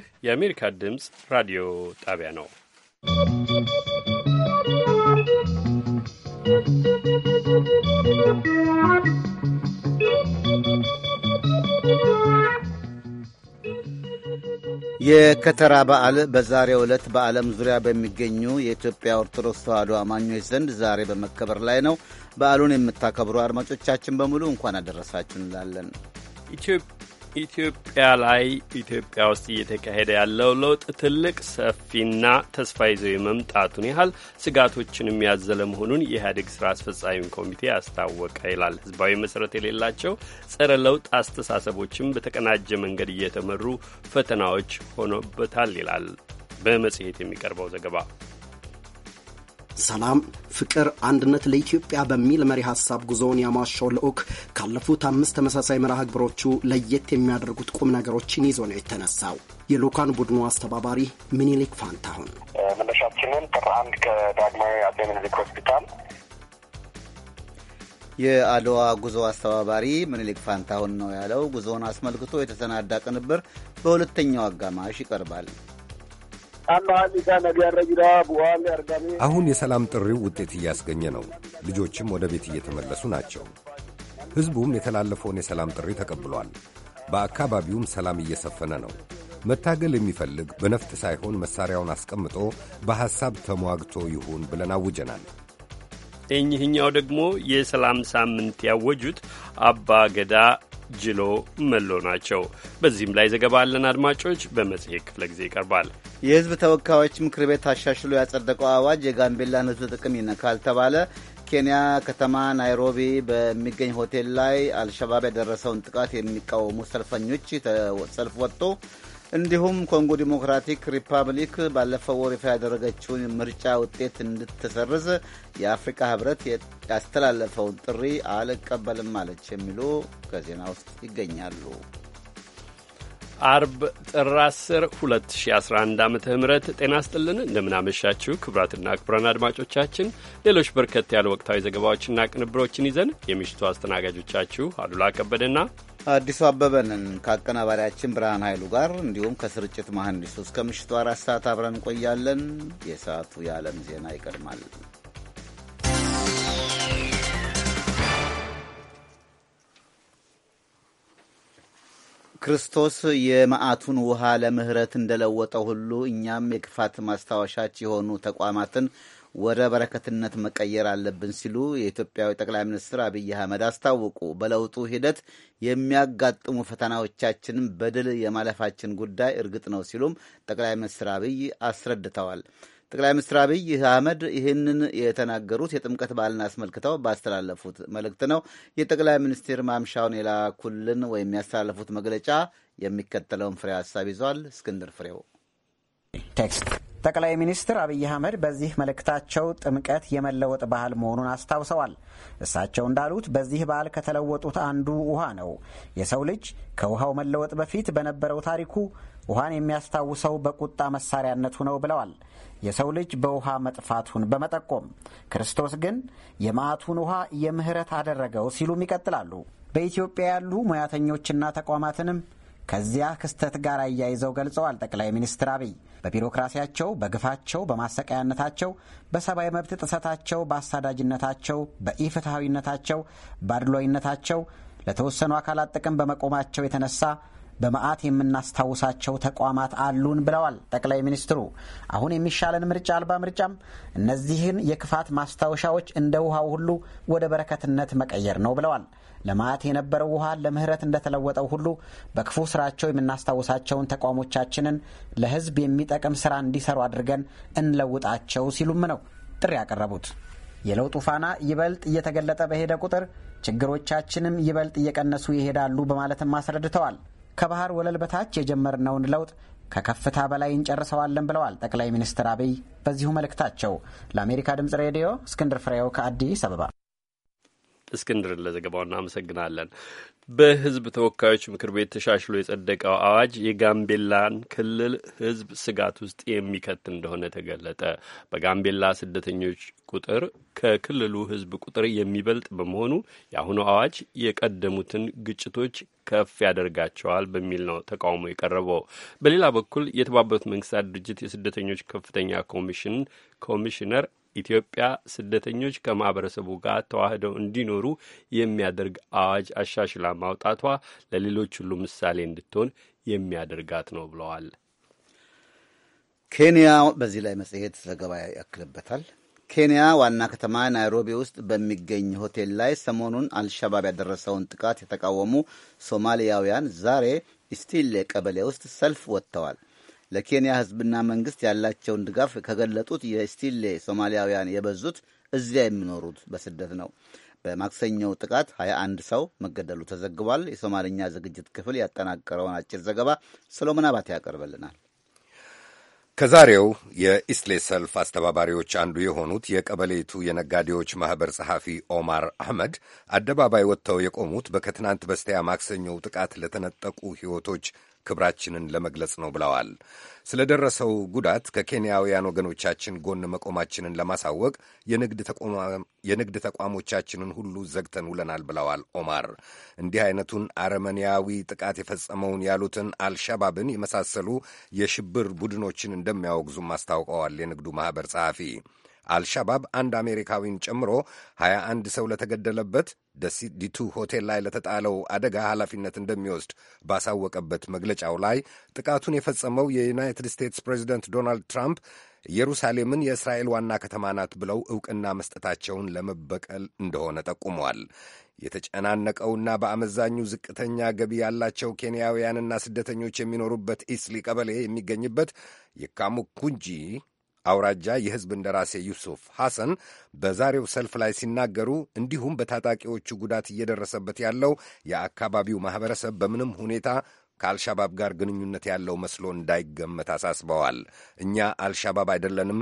ይህ የአሜሪካ ድምፅ ራዲዮ ጣቢያ ነው። የከተራ በዓል በዛሬው ዕለት በዓለም ዙሪያ በሚገኙ የኢትዮጵያ ኦርቶዶክስ ተዋሕዶ አማኞች ዘንድ ዛሬ በመከበር ላይ ነው። በዓሉን የምታከብሩ አድማጮቻችን በሙሉ እንኳን አደረሳችሁ እንላለን። ኢትዮጵያ ላይ ኢትዮጵያ ውስጥ እየተካሄደ ያለው ለውጥ ትልቅ ሰፊና ተስፋ ይዘው የመምጣቱን ያህል ስጋቶችን የሚያዘለ መሆኑን የኢህአዴግ ስራ አስፈጻሚ ኮሚቴ አስታወቀ ይላል። ህዝባዊ መሰረት የሌላቸው ጸረ ለውጥ አስተሳሰቦችም በተቀናጀ መንገድ እየተመሩ ፈተናዎች ሆኖበታል ይላል በመጽሔት የሚቀርበው ዘገባ። ሰላም፣ ፍቅር፣ አንድነት ለኢትዮጵያ በሚል መሪ ሀሳብ ጉዞውን ያሟሸው ልዑክ ካለፉት አምስት ተመሳሳይ መርሃ ግብሮቹ ለየት የሚያደርጉት ቁም ነገሮችን ይዞ ነው የተነሳው። የልዑካን ቡድኑ አስተባባሪ ምኒልክ ፋንታሁን መነሻችንን ጥር አንድ ከዳግማዊ አፄ ምኒልክ ሆስፒታል የአድዋ ጉዞ አስተባባሪ ምኒልክ ፋንታሁን ነው ያለው። ጉዞውን አስመልክቶ የተሰናዳ ቅንብር በሁለተኛው አጋማሽ ይቀርባል። አሁን የሰላም ጥሪው ውጤት እያስገኘ ነው። ልጆችም ወደ ቤት እየተመለሱ ናቸው። ሕዝቡም የተላለፈውን የሰላም ጥሪ ተቀብሏል። በአካባቢውም ሰላም እየሰፈነ ነው። መታገል የሚፈልግ በነፍጥ ሳይሆን መሣሪያውን አስቀምጦ በሐሳብ ተሟግቶ ይሁን ብለን አውጀናል። እኚህኛው ደግሞ የሰላም ሳምንት ያወጁት አባ ገዳ ጅሎ መሎ ናቸው። በዚህም ላይ ዘገባ አለን አድማጮች፣ በመጽሔት ክፍለ ጊዜ ይቀርባል። የህዝብ ተወካዮች ምክር ቤት አሻሽሎ ያጸደቀው አዋጅ የጋምቤላን ህዝብ ጥቅም ይነካል ተባለ። ኬንያ ከተማ ናይሮቢ በሚገኝ ሆቴል ላይ አልሸባብ ያደረሰውን ጥቃት የሚቃወሙ ሰልፈኞች ሰልፍ ወጥቶ እንዲሁም ኮንጎ ዲሞክራቲክ ሪፐብሊክ ባለፈው ወር ይፋ ያደረገችውን ምርጫ ውጤት እንድትሰርዝ የአፍሪካ ህብረት ያስተላለፈውን ጥሪ አልቀበልም አለች የሚሉ ከዜና ውስጥ ይገኛሉ። አርብ ጥር 10 2011 ዓ ም ጤና ስጥልን እንደምናመሻችሁ ክቡራትና ክቡራን አድማጮቻችን ሌሎች በርከት ያሉ ወቅታዊ ዘገባዎችና ቅንብሮችን ይዘን የምሽቱ አስተናጋጆቻችሁ አሉላ ከበደና አዲሱ አበበንን ከአቀናባሪያችን ብርሃን ኃይሉ ጋር እንዲሁም ከስርጭት መሐንዲሱ እስከ ምሽቱ አራት ሰዓት አብረን እንቆያለን። የሰዓቱ የዓለም ዜና ይቀድማል። ክርስቶስ የመዓቱን ውሃ ለምህረት እንደለወጠ ሁሉ እኛም የክፋት ማስታወሻች የሆኑ ተቋማትን ወደ በረከትነት መቀየር አለብን ሲሉ የኢትዮጵያዊ ጠቅላይ ሚኒስትር አብይ አህመድ አስታወቁ። በለውጡ ሂደት የሚያጋጥሙ ፈተናዎቻችንን በድል የማለፋችን ጉዳይ እርግጥ ነው ሲሉም ጠቅላይ ሚኒስትር አብይ አስረድተዋል። ጠቅላይ ሚኒስትር አብይ አህመድ ይህንን የተናገሩት የጥምቀት በዓልን አስመልክተው ባስተላለፉት መልእክት ነው። የጠቅላይ ሚኒስትር ማምሻውን የላኩልን ወይም ያስተላለፉት መግለጫ የሚከተለውን ፍሬ ሀሳብ ይዟል። እስክንድር ፍሬው ቴክስት ጠቅላይ ሚኒስትር አብይ አህመድ በዚህ መልእክታቸው ጥምቀት የመለወጥ ባህል መሆኑን አስታውሰዋል። እሳቸው እንዳሉት በዚህ በዓል ከተለወጡት አንዱ ውሃ ነው። የሰው ልጅ ከውሃው መለወጥ በፊት በነበረው ታሪኩ ውሃን የሚያስታውሰው በቁጣ መሳሪያነቱ ነው ብለዋል። የሰው ልጅ በውሃ መጥፋቱን በመጠቆም ክርስቶስ ግን የማቱን ውሃ የምህረት አደረገው ሲሉም ይቀጥላሉ። በኢትዮጵያ ያሉ ሙያተኞችና ተቋማትንም ከዚያ ክስተት ጋር አያይዘው ገልጸዋል። ጠቅላይ ሚኒስትር አብይ በቢሮክራሲያቸው፣ በግፋቸው፣ በማሰቃያነታቸው፣ በሰብአዊ መብት ጥሰታቸው፣ በአሳዳጅነታቸው፣ በኢፍትሐዊነታቸው፣ በአድሏዊነታቸው ለተወሰኑ አካላት ጥቅም በመቆማቸው የተነሳ በመዓት የምናስታውሳቸው ተቋማት አሉን ብለዋል ጠቅላይ ሚኒስትሩ። አሁን የሚሻለን ምርጫ አልባ ምርጫም እነዚህን የክፋት ማስታወሻዎች እንደ ውሃው ሁሉ ወደ በረከትነት መቀየር ነው ብለዋል። ለመዓት የነበረው ውሃ ለምህረት እንደተለወጠው ሁሉ በክፉ ስራቸው የምናስታውሳቸውን ተቋሞቻችንን ለህዝብ የሚጠቅም ስራ እንዲሰሩ አድርገን እንለውጣቸው ሲሉም ነው ጥሪ ያቀረቡት። የለውጡ ፋና ይበልጥ እየተገለጠ በሄደ ቁጥር ችግሮቻችንም ይበልጥ እየቀነሱ ይሄዳሉ በማለትም አስረድተዋል። ከባህር ወለል በታች የጀመርነውን ለውጥ ከከፍታ በላይ እንጨርሰዋለን ብለዋል ጠቅላይ ሚኒስትር አብይ በዚሁ መልእክታቸው። ለአሜሪካ ድምጽ ሬዲዮ እስክንድር ፍሬው ከአዲስ አበባ እስክንድርን ለዘገባው እናመሰግናለን። በህዝብ ተወካዮች ምክር ቤት ተሻሽሎ የጸደቀው አዋጅ የጋምቤላን ክልል ህዝብ ስጋት ውስጥ የሚከት እንደሆነ ተገለጠ። በጋምቤላ ስደተኞች ቁጥር ከክልሉ ህዝብ ቁጥር የሚበልጥ በመሆኑ የአሁኑ አዋጅ የቀደሙትን ግጭቶች ከፍ ያደርጋቸዋል በሚል ነው ተቃውሞ የቀረበው። በሌላ በኩል የተባበሩት መንግስታት ድርጅት የስደተኞች ከፍተኛ ኮሚሽን ኮሚሽነር ኢትዮጵያ ስደተኞች ከማህበረሰቡ ጋር ተዋህደው እንዲኖሩ የሚያደርግ አዋጅ አሻሽላ ማውጣቷ ለሌሎች ሁሉ ምሳሌ እንድትሆን የሚያደርጋት ነው ብለዋል። ኬንያ በዚህ ላይ መጽሔት ዘገባ ያክልበታል። ኬንያ ዋና ከተማ ናይሮቢ ውስጥ በሚገኝ ሆቴል ላይ ሰሞኑን አልሸባብ ያደረሰውን ጥቃት የተቃወሙ ሶማሊያውያን ዛሬ ኢስቲሌ ቀበሌ ውስጥ ሰልፍ ወጥተዋል። ለኬንያ ህዝብና መንግስት ያላቸውን ድጋፍ ከገለጡት የስቲሌ ሶማሊያውያን የበዙት እዚያ የሚኖሩት በስደት ነው። በማክሰኞው ጥቃት 21 ሰው መገደሉ ተዘግቧል። የሶማልኛ ዝግጅት ክፍል ያጠናቀረውን አጭር ዘገባ ሰሎሞን አባቴ ያቀርበልናል። ከዛሬው የኢስሌ ሰልፍ አስተባባሪዎች አንዱ የሆኑት የቀበሌቱ የነጋዴዎች ማኅበር ጸሐፊ ኦማር አህመድ አደባባይ ወጥተው የቆሙት በከትናንት በስቲያ ማክሰኞው ጥቃት ለተነጠቁ ሕይወቶች ክብራችንን ለመግለጽ ነው ብለዋል። ስለ ደረሰው ጉዳት ከኬንያውያን ወገኖቻችን ጎን መቆማችንን ለማሳወቅ የንግድ ተቋሞቻችንን ሁሉ ዘግተን ውለናል ብለዋል ኦማር። እንዲህ አይነቱን አረመኔያዊ ጥቃት የፈጸመውን ያሉትን አልሸባብን የመሳሰሉ የሽብር ቡድኖችን እንደሚያወግዙም አስታውቀዋል የንግዱ ማኅበር ጸሐፊ አልሻባብ አንድ አሜሪካዊን ጨምሮ 21 ሰው ለተገደለበት ደሲዲቱ ሆቴል ላይ ለተጣለው አደጋ ኃላፊነት እንደሚወስድ ባሳወቀበት መግለጫው ላይ ጥቃቱን የፈጸመው የዩናይትድ ስቴትስ ፕሬዚደንት ዶናልድ ትራምፕ ኢየሩሳሌምን የእስራኤል ዋና ከተማ ናት ብለው ዕውቅና መስጠታቸውን ለመበቀል እንደሆነ ጠቁመዋል። የተጨናነቀውና በአመዛኙ ዝቅተኛ ገቢ ያላቸው ኬንያውያንና ስደተኞች የሚኖሩበት ኢስሊ ቀበሌ የሚገኝበት የካሙኩንጂ አውራጃ የሕዝብ እንደራሴ ዩሱፍ ሐሰን በዛሬው ሰልፍ ላይ ሲናገሩ እንዲሁም በታጣቂዎቹ ጉዳት እየደረሰበት ያለው የአካባቢው ማኅበረሰብ በምንም ሁኔታ ከአልሻባብ ጋር ግንኙነት ያለው መስሎ እንዳይገመት አሳስበዋል። እኛ አልሻባብ አይደለንም፣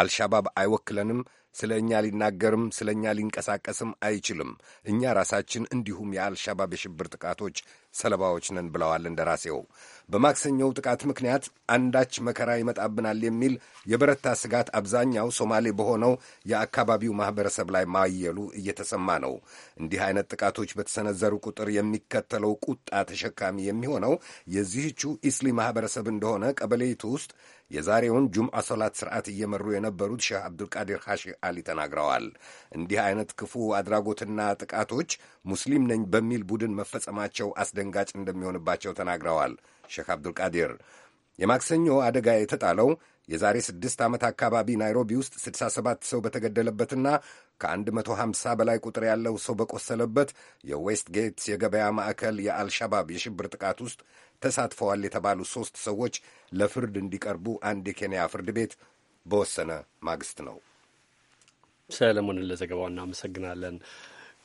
አልሻባብ አይወክለንም፣ ስለ እኛ ሊናገርም ስለ እኛ ሊንቀሳቀስም አይችልም። እኛ ራሳችን እንዲሁም የአልሻባብ የሽብር ጥቃቶች ሰለባዎች ነን ብለዋል። እንደራሴው በማክሰኞው ጥቃት ምክንያት አንዳች መከራ ይመጣብናል የሚል የበረታ ስጋት አብዛኛው ሶማሌ በሆነው የአካባቢው ማኅበረሰብ ላይ ማየሉ እየተሰማ ነው። እንዲህ አይነት ጥቃቶች በተሰነዘሩ ቁጥር የሚከተለው ቁጣ ተሸካሚ የሚሆነው የዚህቹ ኢስሊ ማኅበረሰብ እንደሆነ ቀበሌይቱ ውስጥ የዛሬውን ጁምዓ ሶላት ስርዓት እየመሩ የነበሩት ሼህ አብዱልቃዲር ሐሺ አሊ ተናግረዋል። እንዲህ አይነት ክፉ አድራጎትና ጥቃቶች ሙስሊም ነኝ በሚል ቡድን መፈጸማቸው አስደ አስደንጋጭ እንደሚሆንባቸው ተናግረዋል። ሼክ አብዱልቃዲር የማክሰኞ አደጋ የተጣለው የዛሬ ስድስት ዓመት አካባቢ ናይሮቢ ውስጥ 67 ሰው በተገደለበትና ከ150 በላይ ቁጥር ያለው ሰው በቆሰለበት የዌስት ጌትስ የገበያ ማዕከል የአልሻባብ የሽብር ጥቃት ውስጥ ተሳትፈዋል የተባሉ ሦስት ሰዎች ለፍርድ እንዲቀርቡ አንድ የኬንያ ፍርድ ቤት በወሰነ ማግስት ነው። ሰለሞንን ለዘገባው እናመሰግናለን።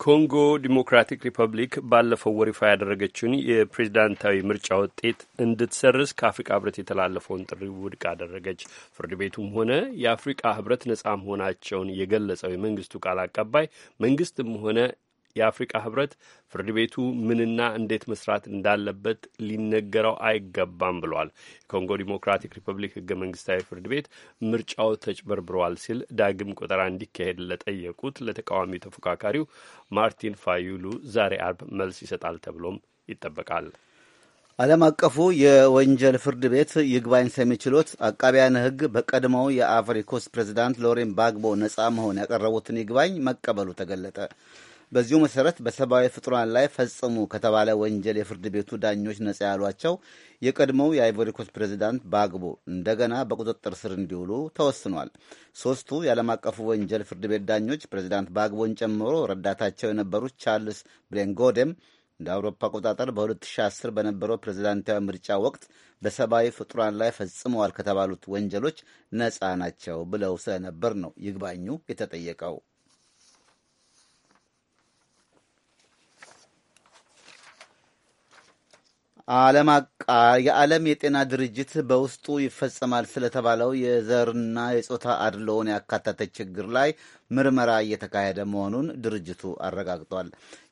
ኮንጎ ዲሞክራቲክ ሪፐብሊክ ባለፈው ወር ይፋ ያደረገችውን የፕሬዝዳንታዊ ምርጫ ውጤት እንድትሰርዝ ከአፍሪቃ ህብረት የተላለፈውን ጥሪ ውድቅ አደረገች። ፍርድ ቤቱም ሆነ የአፍሪቃ ህብረት ነጻ መሆናቸውን የገለጸው የመንግስቱ ቃል አቀባይ መንግስትም ሆነ የአፍሪቃ ህብረት ፍርድ ቤቱ ምንና እንዴት መስራት እንዳለበት ሊነገረው አይገባም ብሏል። የኮንጎ ዲሞክራቲክ ሪፐብሊክ ህገ መንግስታዊ ፍርድ ቤት ምርጫው ተጭበርብሯል ሲል ዳግም ቆጠራ እንዲካሄድ ለጠየቁት ለተቃዋሚ ተፎካካሪው ማርቲን ፋዩሉ ዛሬ አርብ መልስ ይሰጣል ተብሎም ይጠበቃል። ዓለም አቀፉ የወንጀል ፍርድ ቤት ይግባኝ ሰሚ ችሎት አቃቢያን ህግ በቀድሞው የአፍሪኮስ ፕሬዚዳንት ሎሬን ባግቦ ነፃ መሆን ያቀረቡትን ይግባኝ መቀበሉ ተገለጠ። በዚሁ መሠረት በሰብአዊ ፍጡራን ላይ ፈጸሙ ከተባለ ወንጀል የፍርድ ቤቱ ዳኞች ነጻ ያሏቸው የቀድሞው የአይቮሪኮስ ፕሬዚዳንት ባግቦ እንደገና በቁጥጥር ስር እንዲውሉ ተወስኗል። ሶስቱ የዓለም አቀፉ ወንጀል ፍርድ ቤት ዳኞች ፕሬዚዳንት ባግቦን ጨምሮ ረዳታቸው የነበሩት ቻርልስ ብሌንጎደም እንደ አውሮፓ አቆጣጠር በ2010 በነበረው ፕሬዚዳንታዊ ምርጫ ወቅት በሰብአዊ ፍጡራን ላይ ፈጽመዋል ከተባሉት ወንጀሎች ነፃ ናቸው ብለው ስለነበር ነው ይግባኙ የተጠየቀው። ዓለም የዓለም የጤና ድርጅት በውስጡ ይፈጸማል ስለተባለው የዘርና የጾታ አድሎውን ያካተተ ችግር ላይ ምርመራ እየተካሄደ መሆኑን ድርጅቱ አረጋግጧል።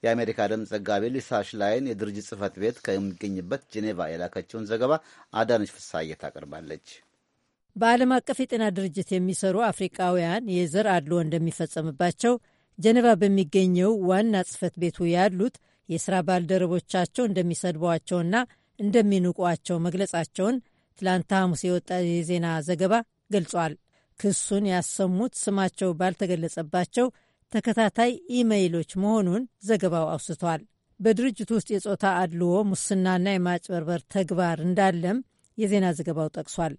የአሜሪካ ድምፅ ዘጋቢ ሊሳሽ ላይን የድርጅት ጽህፈት ቤት ከሚገኝበት ጄኔቫ የላከችውን ዘገባ አዳነች ፍሳዬ ታቀርባለች። በዓለም አቀፍ የጤና ድርጅት የሚሰሩ አፍሪቃውያን የዘር አድሎ እንደሚፈጸምባቸው ጀኔቫ በሚገኘው ዋና ጽህፈት ቤቱ ያሉት የሥራ ባልደረቦቻቸው እንደሚሰድቧቸውና እንደሚንቋቸው መግለጻቸውን ትላንት ሐሙስ የወጣ የዜና ዘገባ ገልጿል። ክሱን ያሰሙት ስማቸው ባልተገለጸባቸው ተከታታይ ኢሜይሎች መሆኑን ዘገባው አውስቷል። በድርጅቱ ውስጥ የጾታ አድልዎ፣ ሙስናና የማጭበርበር ተግባር እንዳለም የዜና ዘገባው ጠቅሷል።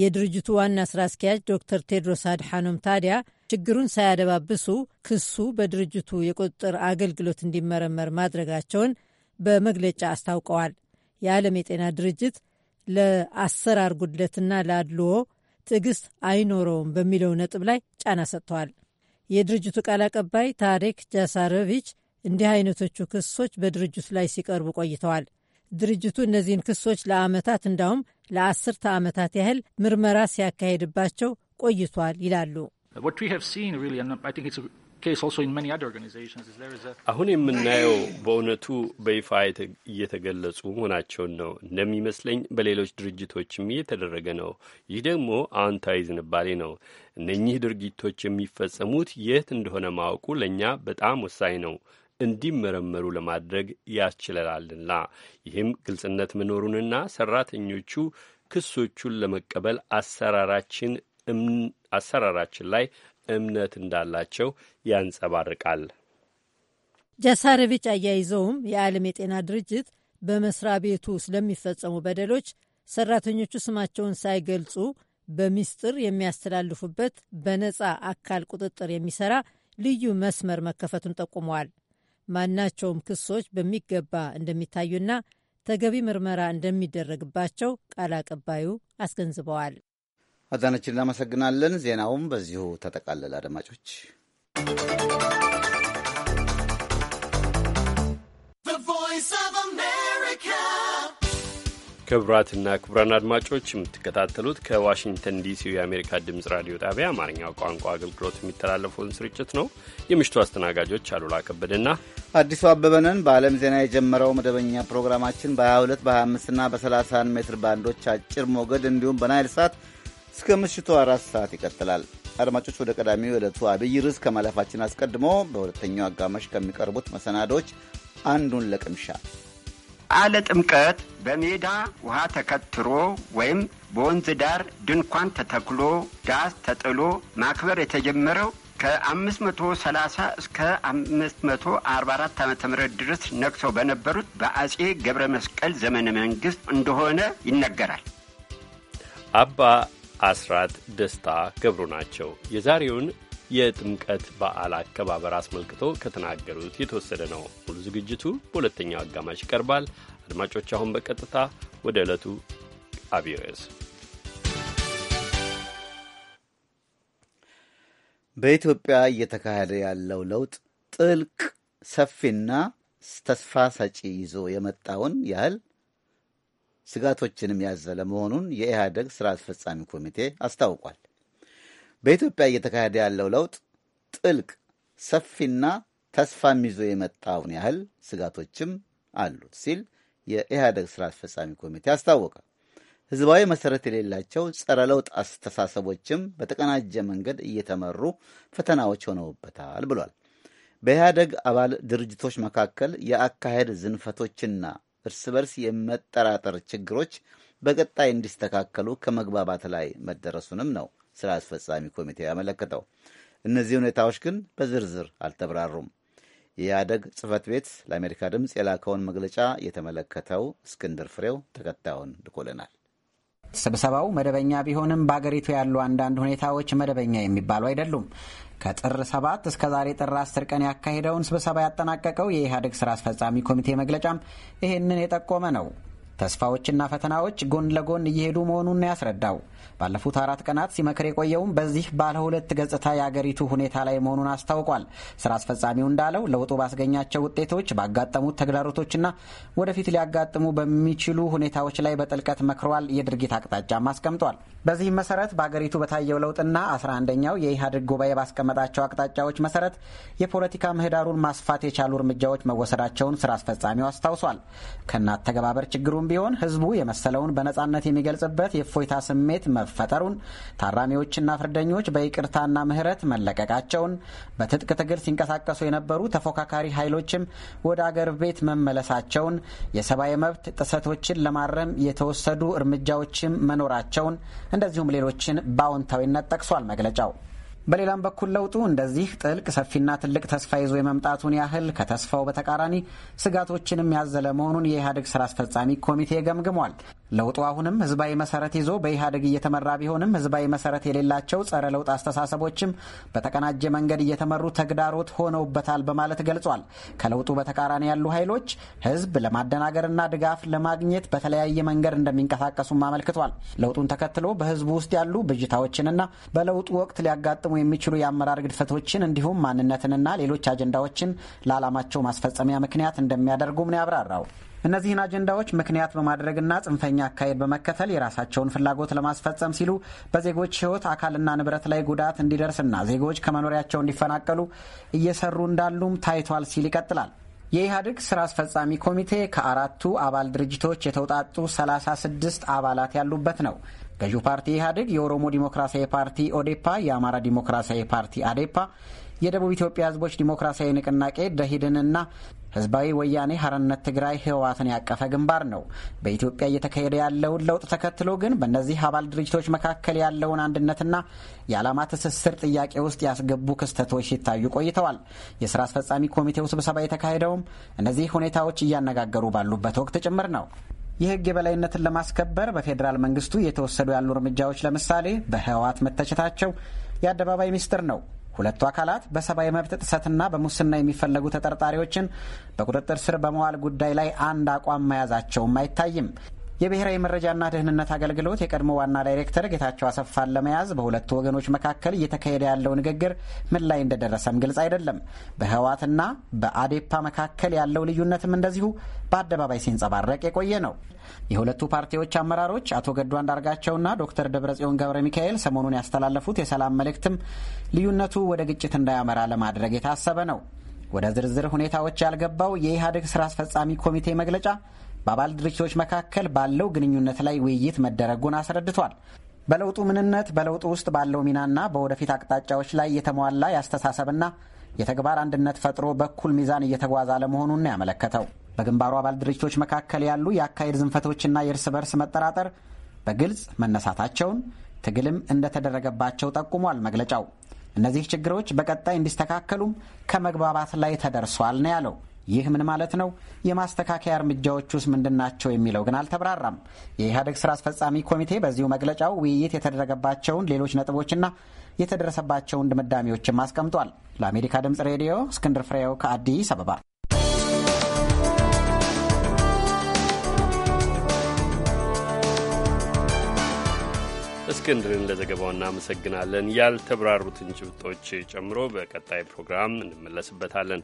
የድርጅቱ ዋና ስራ አስኪያጅ ዶክተር ቴድሮስ አድሓኖም ታዲያ ችግሩን ሳያደባብሱ ክሱ በድርጅቱ የቁጥጥር አገልግሎት እንዲመረመር ማድረጋቸውን በመግለጫ አስታውቀዋል። የዓለም የጤና ድርጅት ለአሰራር ጉድለትና ለአድልዎ ትዕግስት አይኖረውም በሚለው ነጥብ ላይ ጫና ሰጥተዋል። የድርጅቱ ቃል አቀባይ ታሪክ ጃሳረቪች እንዲህ አይነቶቹ ክሶች በድርጅቱ ላይ ሲቀርቡ ቆይተዋል። ድርጅቱ እነዚህን ክሶች ለዓመታት እንዳውም ለአስርተ ዓመታት ያህል ምርመራ ሲያካሄድባቸው ቆይቷል ይላሉ። አሁን የምናየው በእውነቱ በይፋ እየተገለጹ መሆናቸውን ነው። እንደሚመስለኝ በሌሎች ድርጅቶችም እየተደረገ ነው። ይህ ደግሞ አዎንታዊ ዝንባሌ ነው። እነኚህ ድርጊቶች የሚፈጸሙት የት እንደሆነ ማወቁ ለእኛ በጣም ወሳኝ ነው። እንዲመረመሩ ለማድረግ ያስችለላልና ይህም ግልጽነት መኖሩንና ሰራተኞቹ ክሶቹን ለመቀበል አሰራራችን አሰራራችን ላይ እምነት እንዳላቸው ያንጸባርቃል። ጃሳረቪች አያይዘውም የዓለም የጤና ድርጅት በመስሪያ ቤቱ ስለሚፈጸሙ በደሎች ሰራተኞቹ ስማቸውን ሳይገልጹ በሚስጥር የሚያስተላልፉበት በነፃ አካል ቁጥጥር የሚሰራ ልዩ መስመር መከፈቱን ጠቁመዋል። ማናቸውም ክሶች በሚገባ እንደሚታዩና ተገቢ ምርመራ እንደሚደረግባቸው ቃል አቀባዩ አስገንዝበዋል። አዳነችን እናመሰግናለን። ዜናውም በዚሁ ተጠቃለለ አድማጮች። ክቡራትና ክቡራን አድማጮች የምትከታተሉት ከዋሽንግተን ዲሲ የአሜሪካ ድምፅ ራዲዮ ጣቢያ አማርኛ ቋንቋ አገልግሎት የሚተላለፈውን ስርጭት ነው። የምሽቱ አስተናጋጆች አሉላ ከበደና አዲሱ አበበንን በዓለም ዜና የጀመረው መደበኛ ፕሮግራማችን በ22 በ25ና በ31 ሜትር ባንዶች አጭር ሞገድ እንዲሁም በናይል ሰዓት እስከ ምሽቱ አራት ሰዓት ይቀጥላል። አድማጮች ወደ ቀዳሚው የዕለቱ አብይ ርዕስ ከማለፋችን አስቀድሞ በሁለተኛው አጋማሽ ከሚቀርቡት መሰናዶች አንዱን ለቅምሻ በዓለ ጥምቀት በሜዳ ውሃ ተከትሮ ወይም በወንዝ ዳር ድንኳን ተተክሎ ዳስ ተጥሎ ማክበር የተጀመረው ከ530 እስከ 544 ዓ ም ድረስ ነግሰው በነበሩት በአጼ ገብረ መስቀል ዘመነ መንግሥት እንደሆነ ይነገራል። አባ አስራት ደስታ ገብሩ ናቸው የዛሬውን የጥምቀት በዓል አከባበር አስመልክቶ ከተናገሩት የተወሰደ ነው። ሙሉ ዝግጅቱ በሁለተኛው አጋማሽ ይቀርባል። አድማጮች፣ አሁን በቀጥታ ወደ ዕለቱ አብይ በኢትዮጵያ እየተካሄደ ያለው ለውጥ ጥልቅ ሰፊና ተስፋ ሰጪ ይዞ የመጣውን ያህል ስጋቶችንም ያዘለ መሆኑን የኢህአደግ ስራ አስፈጻሚ ኮሚቴ አስታውቋል። በኢትዮጵያ እየተካሄደ ያለው ለውጥ ጥልቅ ሰፊና ተስፋም ይዞ የመጣውን ያህል ስጋቶችም አሉት ሲል የኢህአደግ ስራ አስፈጻሚ ኮሚቴ አስታወቀ። ህዝባዊ መሰረት የሌላቸው ጸረ ለውጥ አስተሳሰቦችም በተቀናጀ መንገድ እየተመሩ ፈተናዎች ሆነውበታል ብሏል። በኢህአደግ አባል ድርጅቶች መካከል የአካሄድ ዝንፈቶችና እርስ በርስ የመጠራጠር ችግሮች በቀጣይ እንዲስተካከሉ ከመግባባት ላይ መደረሱንም ነው ስራ አስፈጻሚ ኮሚቴ ያመለከተው። እነዚህ ሁኔታዎች ግን በዝርዝር አልተብራሩም። የኢህአደግ ጽህፈት ቤት ለአሜሪካ ድምፅ የላከውን መግለጫ የተመለከተው እስክንድር ፍሬው ተከታዩን ልኮልናል። ስብሰባው መደበኛ ቢሆንም በአገሪቱ ያሉ አንዳንድ ሁኔታዎች መደበኛ የሚባሉ አይደሉም። ከጥር ሰባት እስከ ዛሬ ጥር አስር ቀን ያካሄደውን ስብሰባ ያጠናቀቀው የኢህአዴግ ስራ አስፈጻሚ ኮሚቴ መግለጫም ይህንን የጠቆመ ነው። ተስፋዎችና ፈተናዎች ጎን ለጎን እየሄዱ መሆኑን ያስረዳው ባለፉት አራት ቀናት ሲመክር የቆየውም በዚህ ባለ ሁለት ገጽታ የአገሪቱ ሁኔታ ላይ መሆኑን አስታውቋል። ስራ አስፈጻሚው እንዳለው ለውጡ ባስገኛቸው ውጤቶች፣ ባጋጠሙት ተግዳሮቶችና ወደፊት ሊያጋጥሙ በሚችሉ ሁኔታዎች ላይ በጥልቀት መክሯል። የድርጊት አቅጣጫም አስቀምጧል። በዚህም መሰረት በአገሪቱ በታየው ለውጥና አስራ አንደኛው የኢህአዴግ ጉባኤ ባስቀመጣቸው አቅጣጫዎች መሰረት የፖለቲካ ምህዳሩን ማስፋት የቻሉ እርምጃዎች መወሰዳቸውን ስራ አስፈጻሚው አስታውሷል። ከእናት ተገባበር ችግሩም ቢሆን ህዝቡ የመሰለውን በነጻነት የሚገልጽበት የእፎይታ ስሜት መፈጠሩን፣ ታራሚዎችና ፍርደኞች በይቅርታና ምህረት መለቀቃቸውን፣ በትጥቅ ትግል ሲንቀሳቀሱ የነበሩ ተፎካካሪ ኃይሎችም ወደ አገር ቤት መመለሳቸውን፣ የሰብአዊ መብት ጥሰቶችን ለማረም የተወሰዱ እርምጃዎችም መኖራቸውን፣ እንደዚሁም ሌሎችን በአዎንታዊነት ጠቅሷል መግለጫው። በሌላም በኩል ለውጡ እንደዚህ ጥልቅ ሰፊና ትልቅ ተስፋ ይዞ የመምጣቱን ያህል ከተስፋው በተቃራኒ ስጋቶችንም ያዘለ መሆኑን የኢህአዴግ ስራ አስፈጻሚ ኮሚቴ ገምግሟል። ለውጡ አሁንም ህዝባዊ መሰረት ይዞ በኢህአዴግ እየተመራ ቢሆንም ህዝባዊ መሰረት የሌላቸው ጸረ ለውጥ አስተሳሰቦችም በተቀናጀ መንገድ እየተመሩ ተግዳሮት ሆነውበታል በማለት ገልጿል። ከለውጡ በተቃራኒ ያሉ ኃይሎች ህዝብ ለማደናገርና ድጋፍ ለማግኘት በተለያየ መንገድ እንደሚንቀሳቀሱም አመልክቷል። ለውጡን ተከትሎ በህዝቡ ውስጥ ያሉ ብዥታዎችንና በለውጡ ወቅት ሊያጋጥሙ የሚችሉ የአመራር ግድፈቶችን እንዲሁም ማንነትንና ሌሎች አጀንዳዎችን ለዓላማቸው ማስፈጸሚያ ምክንያት እንደሚያደርጉም ነው ያብራራው። እነዚህን አጀንዳዎች ምክንያት በማድረግና ጽንፈኛ አካሄድ በመከተል የራሳቸውን ፍላጎት ለማስፈጸም ሲሉ በዜጎች ሕይወት አካልና ንብረት ላይ ጉዳት እንዲደርስና ዜጎች ከመኖሪያቸው እንዲፈናቀሉ እየሰሩ እንዳሉም ታይቷል ሲል ይቀጥላል። የኢህአዴግ ስራ አስፈጻሚ ኮሚቴ ከአራቱ አባል ድርጅቶች የተውጣጡ 36 አባላት ያሉበት ነው። ገዢው ፓርቲ ኢህአዴግ፣ የኦሮሞ ዲሞክራሲያዊ ፓርቲ ኦዴፓ፣ የአማራ ዲሞክራሲያዊ ፓርቲ አዴፓ የደቡብ ኢትዮጵያ ህዝቦች ዲሞክራሲያዊ ንቅናቄ ደሂድንና ህዝባዊ ወያኔ ሀርነት ትግራይ ህወሓትን ያቀፈ ግንባር ነው። በኢትዮጵያ እየተካሄደ ያለውን ለውጥ ተከትሎ ግን በእነዚህ አባል ድርጅቶች መካከል ያለውን አንድነትና የዓላማ ትስስር ጥያቄ ውስጥ ያስገቡ ክስተቶች ሲታዩ ቆይተዋል። የስራ አስፈጻሚ ኮሚቴው ስብሰባ የተካሄደውም እነዚህ ሁኔታዎች እያነጋገሩ ባሉበት ወቅት ጭምር ነው። የህግ የበላይነትን ለማስከበር በፌዴራል መንግስቱ እየተወሰዱ ያሉ እርምጃዎች ለምሳሌ በህወሓት መተቸታቸው የአደባባይ ሚስጥር ነው። ሁለቱ አካላት በሰብአዊ መብት ጥሰትና በሙስና የሚፈለጉ ተጠርጣሪዎችን በቁጥጥር ስር በመዋል ጉዳይ ላይ አንድ አቋም መያዛቸውም አይታይም። የብሔራዊ መረጃና ደህንነት አገልግሎት የቀድሞ ዋና ዳይሬክተር ጌታቸው አሰፋን ለመያዝ በሁለቱ ወገኖች መካከል እየተካሄደ ያለው ንግግር ምን ላይ እንደደረሰም ግልጽ አይደለም። በህወሓትና በአዴፓ መካከል ያለው ልዩነትም እንደዚሁ በአደባባይ ሲንጸባረቅ የቆየ ነው። የሁለቱ ፓርቲዎች አመራሮች አቶ ገዱ አንዳርጋቸውና ዶክተር ደብረጽዮን ገብረ ሚካኤል ሰሞኑን ያስተላለፉት የሰላም መልእክትም ልዩነቱ ወደ ግጭት እንዳያመራ ለማድረግ የታሰበ ነው። ወደ ዝርዝር ሁኔታዎች ያልገባው የኢህአዴግ ስራ አስፈጻሚ ኮሚቴ መግለጫ በአባል ድርጅቶች መካከል ባለው ግንኙነት ላይ ውይይት መደረጉን አስረድቷል። በለውጡ ምንነት፣ በለውጡ ውስጥ ባለው ሚናና በወደፊት አቅጣጫዎች ላይ የተሟላ የአስተሳሰብና የተግባር አንድነት ፈጥሮ በኩል ሚዛን እየተጓዘ አለመሆኑን ነው ያመለከተው። በግንባሩ አባል ድርጅቶች መካከል ያሉ የአካሄድ ዝንፈቶችና የእርስ በርስ መጠራጠር በግልጽ መነሳታቸውን፣ ትግልም እንደተደረገባቸው ጠቁሟል መግለጫው። እነዚህ ችግሮች በቀጣይ እንዲስተካከሉም ከመግባባት ላይ ተደርሷል ነው ያለው። ይህ ምን ማለት ነው? የማስተካከያ እርምጃዎች ውስጥ ምንድን ናቸው የሚለው ግን አልተብራራም። የኢህአዴግ ስራ አስፈጻሚ ኮሚቴ በዚሁ መግለጫው ውይይት የተደረገባቸውን ሌሎች ነጥቦችና የተደረሰባቸውን ድምዳሜዎችም አስቀምጧል። ለአሜሪካ ድምጽ ሬዲዮ እስክንድር ፍሬው ከአዲስ አበባ። እስክንድርን ለዘገባው እናመሰግናለን። ያልተብራሩትን ጭብጦች ጨምሮ በቀጣይ ፕሮግራም እንመለስበታለን።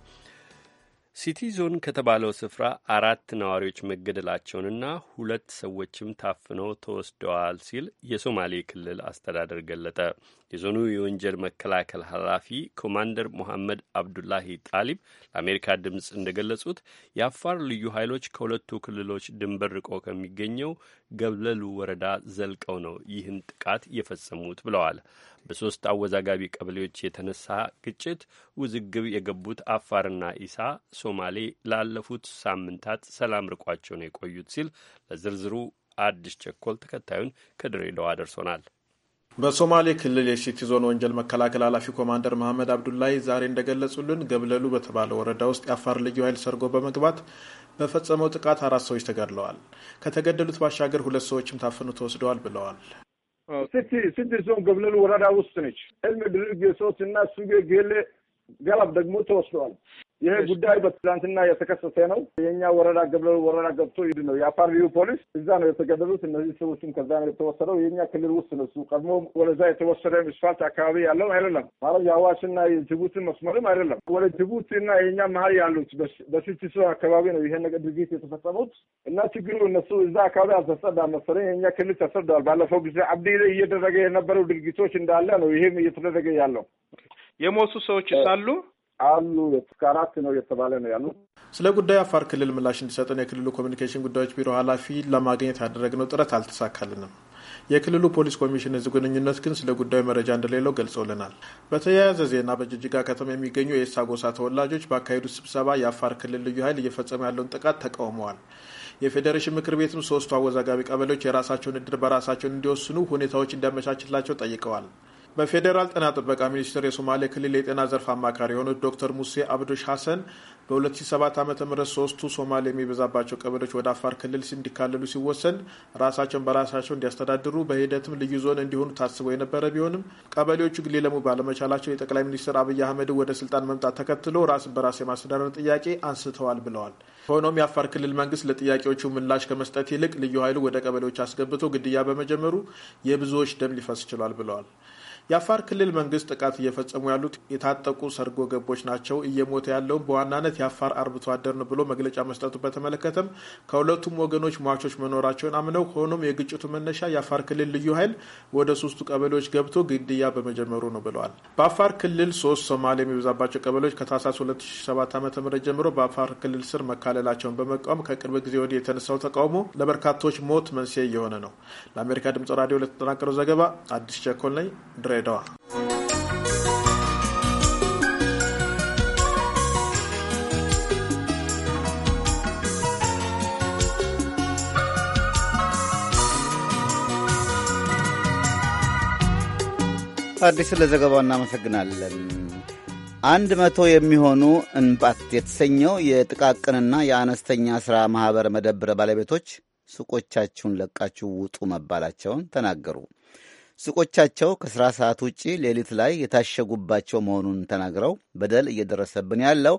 ሲቲ ዞን ከተባለው ስፍራ አራት ነዋሪዎች መገደላቸውንና ሁለት ሰዎችም ታፍነው ተወስደዋል ሲል የሶማሌ ክልል አስተዳደር ገለጠ። የዞኑ የወንጀል መከላከል ኃላፊ ኮማንደር ሞሐመድ አብዱላሂ ጣሊብ ለአሜሪካ ድምፅ እንደገለጹት የአፋር ልዩ ኃይሎች ከሁለቱ ክልሎች ድንበር ርቆ ከሚገኘው ገብለሉ ወረዳ ዘልቀው ነው ይህን ጥቃት የፈጸሙት ብለዋል። በሦስት አወዛጋቢ ቀበሌዎች የተነሳ ግጭት ውዝግብ የገቡት አፋርና ኢሳ ሶማሌ ላለፉት ሳምንታት ሰላም ርቋቸው ነው የቆዩት ሲል ለዝርዝሩ አዲስ ቸኮል ተከታዩን ከድሬዳዋ ደርሶናል። በሶማሌ ክልል የሺቲ ዞን ወንጀል መከላከል ኃላፊ ኮማንደር መሐመድ አብዱላይ ዛሬ እንደገለጹልን ገብለሉ በተባለ ወረዳ ውስጥ የአፋር ልዩ ኃይል ሰርጎ በመግባት በፈጸመው ጥቃት አራት ሰዎች ተገድለዋል። ከተገደሉት ባሻገር ሁለት ሰዎችም ታፍኑ ተወስደዋል ብለዋል። ሲቲ ሲቲ ዞን ገብለሉ ወረዳ ውስጥ ነች። እልም ድርግ የሶት እና ሱጌ ጌሌ ገለብ ደግሞ ተወስደዋል። ይሄ ጉዳይ በትላንትና የተከሰተ ነው። የኛ ወረዳ ገብለው ወረዳ ገብቶ ይድ ነው የአፋር ፖሊስ እዛ ነው የተገደሉት። እነዚህ ሰዎችም ከዛ ነው የተወሰደው። የኛ ክልል ውስጥ ነሱ ቀድሞ ወደዛ የተወሰደ ስፋልት አካባቢ ያለውም አይደለም ማለት የአዋሽና የጅቡቲ መስመርም አይደለም። ወደ ጅቡቲ እና የኛ መሀል ያሉት በሲቲሶ አካባቢ ነው ይሄ ነገር ድርጊት የተፈጸሙት እና ችግሩ እነሱ እዛ አካባቢ አልተሰዳ መሰለኝ የኛ ክልል ተሰደዋል። ባለፈው ጊዜ አብዲ እየደረገ የነበረው ድርጊቶች እንዳለ ነው ይሄም እየተደረገ ያለው የሞቱ ሰዎች ሳሉ አሉ እስከ አራት ነው እየተባለ ነው ያሉ። ስለ ጉዳዩ አፋር ክልል ምላሽ እንዲሰጠን የክልሉ ኮሚኒኬሽን ጉዳዮች ቢሮ ኃላፊ ለማግኘት ያደረግነው ጥረት አልተሳካልንም። የክልሉ ፖሊስ ኮሚሽን ህዝብ ግንኙነት ግን ስለ ጉዳዩ መረጃ እንደሌለው ገልጾልናል። በተያያዘ ዜና በጅጅጋ ከተማ የሚገኙ የኤሳ ጎሳ ተወላጆች ባካሄዱት ስብሰባ የአፋር ክልል ልዩ ኃይል እየፈጸመ ያለውን ጥቃት ተቃውመዋል። የፌዴሬሽን ምክር ቤትም ሶስቱ አወዛጋቢ ቀበሌዎች የራሳቸውን እድር በራሳቸውን እንዲወስኑ ሁኔታዎች እንዲያመቻችላቸው ጠይቀዋል። በፌዴራል ጤና ጥበቃ ሚኒስቴር የሶማሌ ክልል የጤና ዘርፍ አማካሪ የሆኑት ዶክተር ሙሴ አብዶሽ ሀሰን በ2007 ዓ ም ሶስቱ ሶማሌ የሚበዛባቸው ቀበሌዎች ወደ አፋር ክልል እንዲካለሉ ሲወሰን ራሳቸውን በራሳቸው እንዲያስተዳድሩ በሂደትም ልዩ ዞን እንዲሆኑ ታስበው የነበረ ቢሆንም ቀበሌዎቹ ሊለሙ ባለመቻላቸው የጠቅላይ ሚኒስትር አብይ አህመድን ወደ ስልጣን መምጣት ተከትሎ ራስን በራስ የማስተዳደር ጥያቄ አንስተዋል ብለዋል። ሆኖም የአፋር ክልል መንግስት ለጥያቄዎቹ ምላሽ ከመስጠት ይልቅ ልዩ ኃይሉ ወደ ቀበሌዎች አስገብቶ ግድያ በመጀመሩ የብዙዎች ደም ሊፈስ ችሏል ብለዋል። የአፋር ክልል መንግስት ጥቃት እየፈጸሙ ያሉት የታጠቁ ሰርጎ ገቦች ናቸው፣ እየሞተ ያለውም በዋናነት የአፋር አርብቶ አደር ነው ብሎ መግለጫ መስጠቱ በተመለከተም ከሁለቱም ወገኖች ሟቾች መኖራቸውን አምነው፣ ሆኖም የግጭቱ መነሻ የአፋር ክልል ልዩ ኃይል ወደ ሶስቱ ቀበሌዎች ገብቶ ግድያ በመጀመሩ ነው ብለዋል። በአፋር ክልል ሶስት ሶማሌ የሚበዛባቸው ቀበሌዎች ከታህሳስ 2007 ዓ ም ጀምሮ በአፋር ክልል ስር መካለላቸውን በመቃወም ከቅርብ ጊዜ ወዲህ የተነሳው ተቃውሞ ለበርካቶች ሞት መንስኤ እየሆነ ነው። ለአሜሪካ ድምጽ ራዲዮ ለተጠናቀረው ዘገባ አዲስ ቸኮል ላይ ድሬ ድሬዳዋ አዲስ ለዘገባው እናመሰግናለን። አንድ መቶ የሚሆኑ እንባት የተሰኘው የጥቃቅንና የአነስተኛ ሥራ ማኅበር መደብር ባለቤቶች ሱቆቻችሁን ለቃችሁ ውጡ መባላቸውን ተናገሩ። ሱቆቻቸው ከስራ ሰዓት ውጪ ሌሊት ላይ የታሸጉባቸው መሆኑን ተናግረው በደል እየደረሰብን ያለው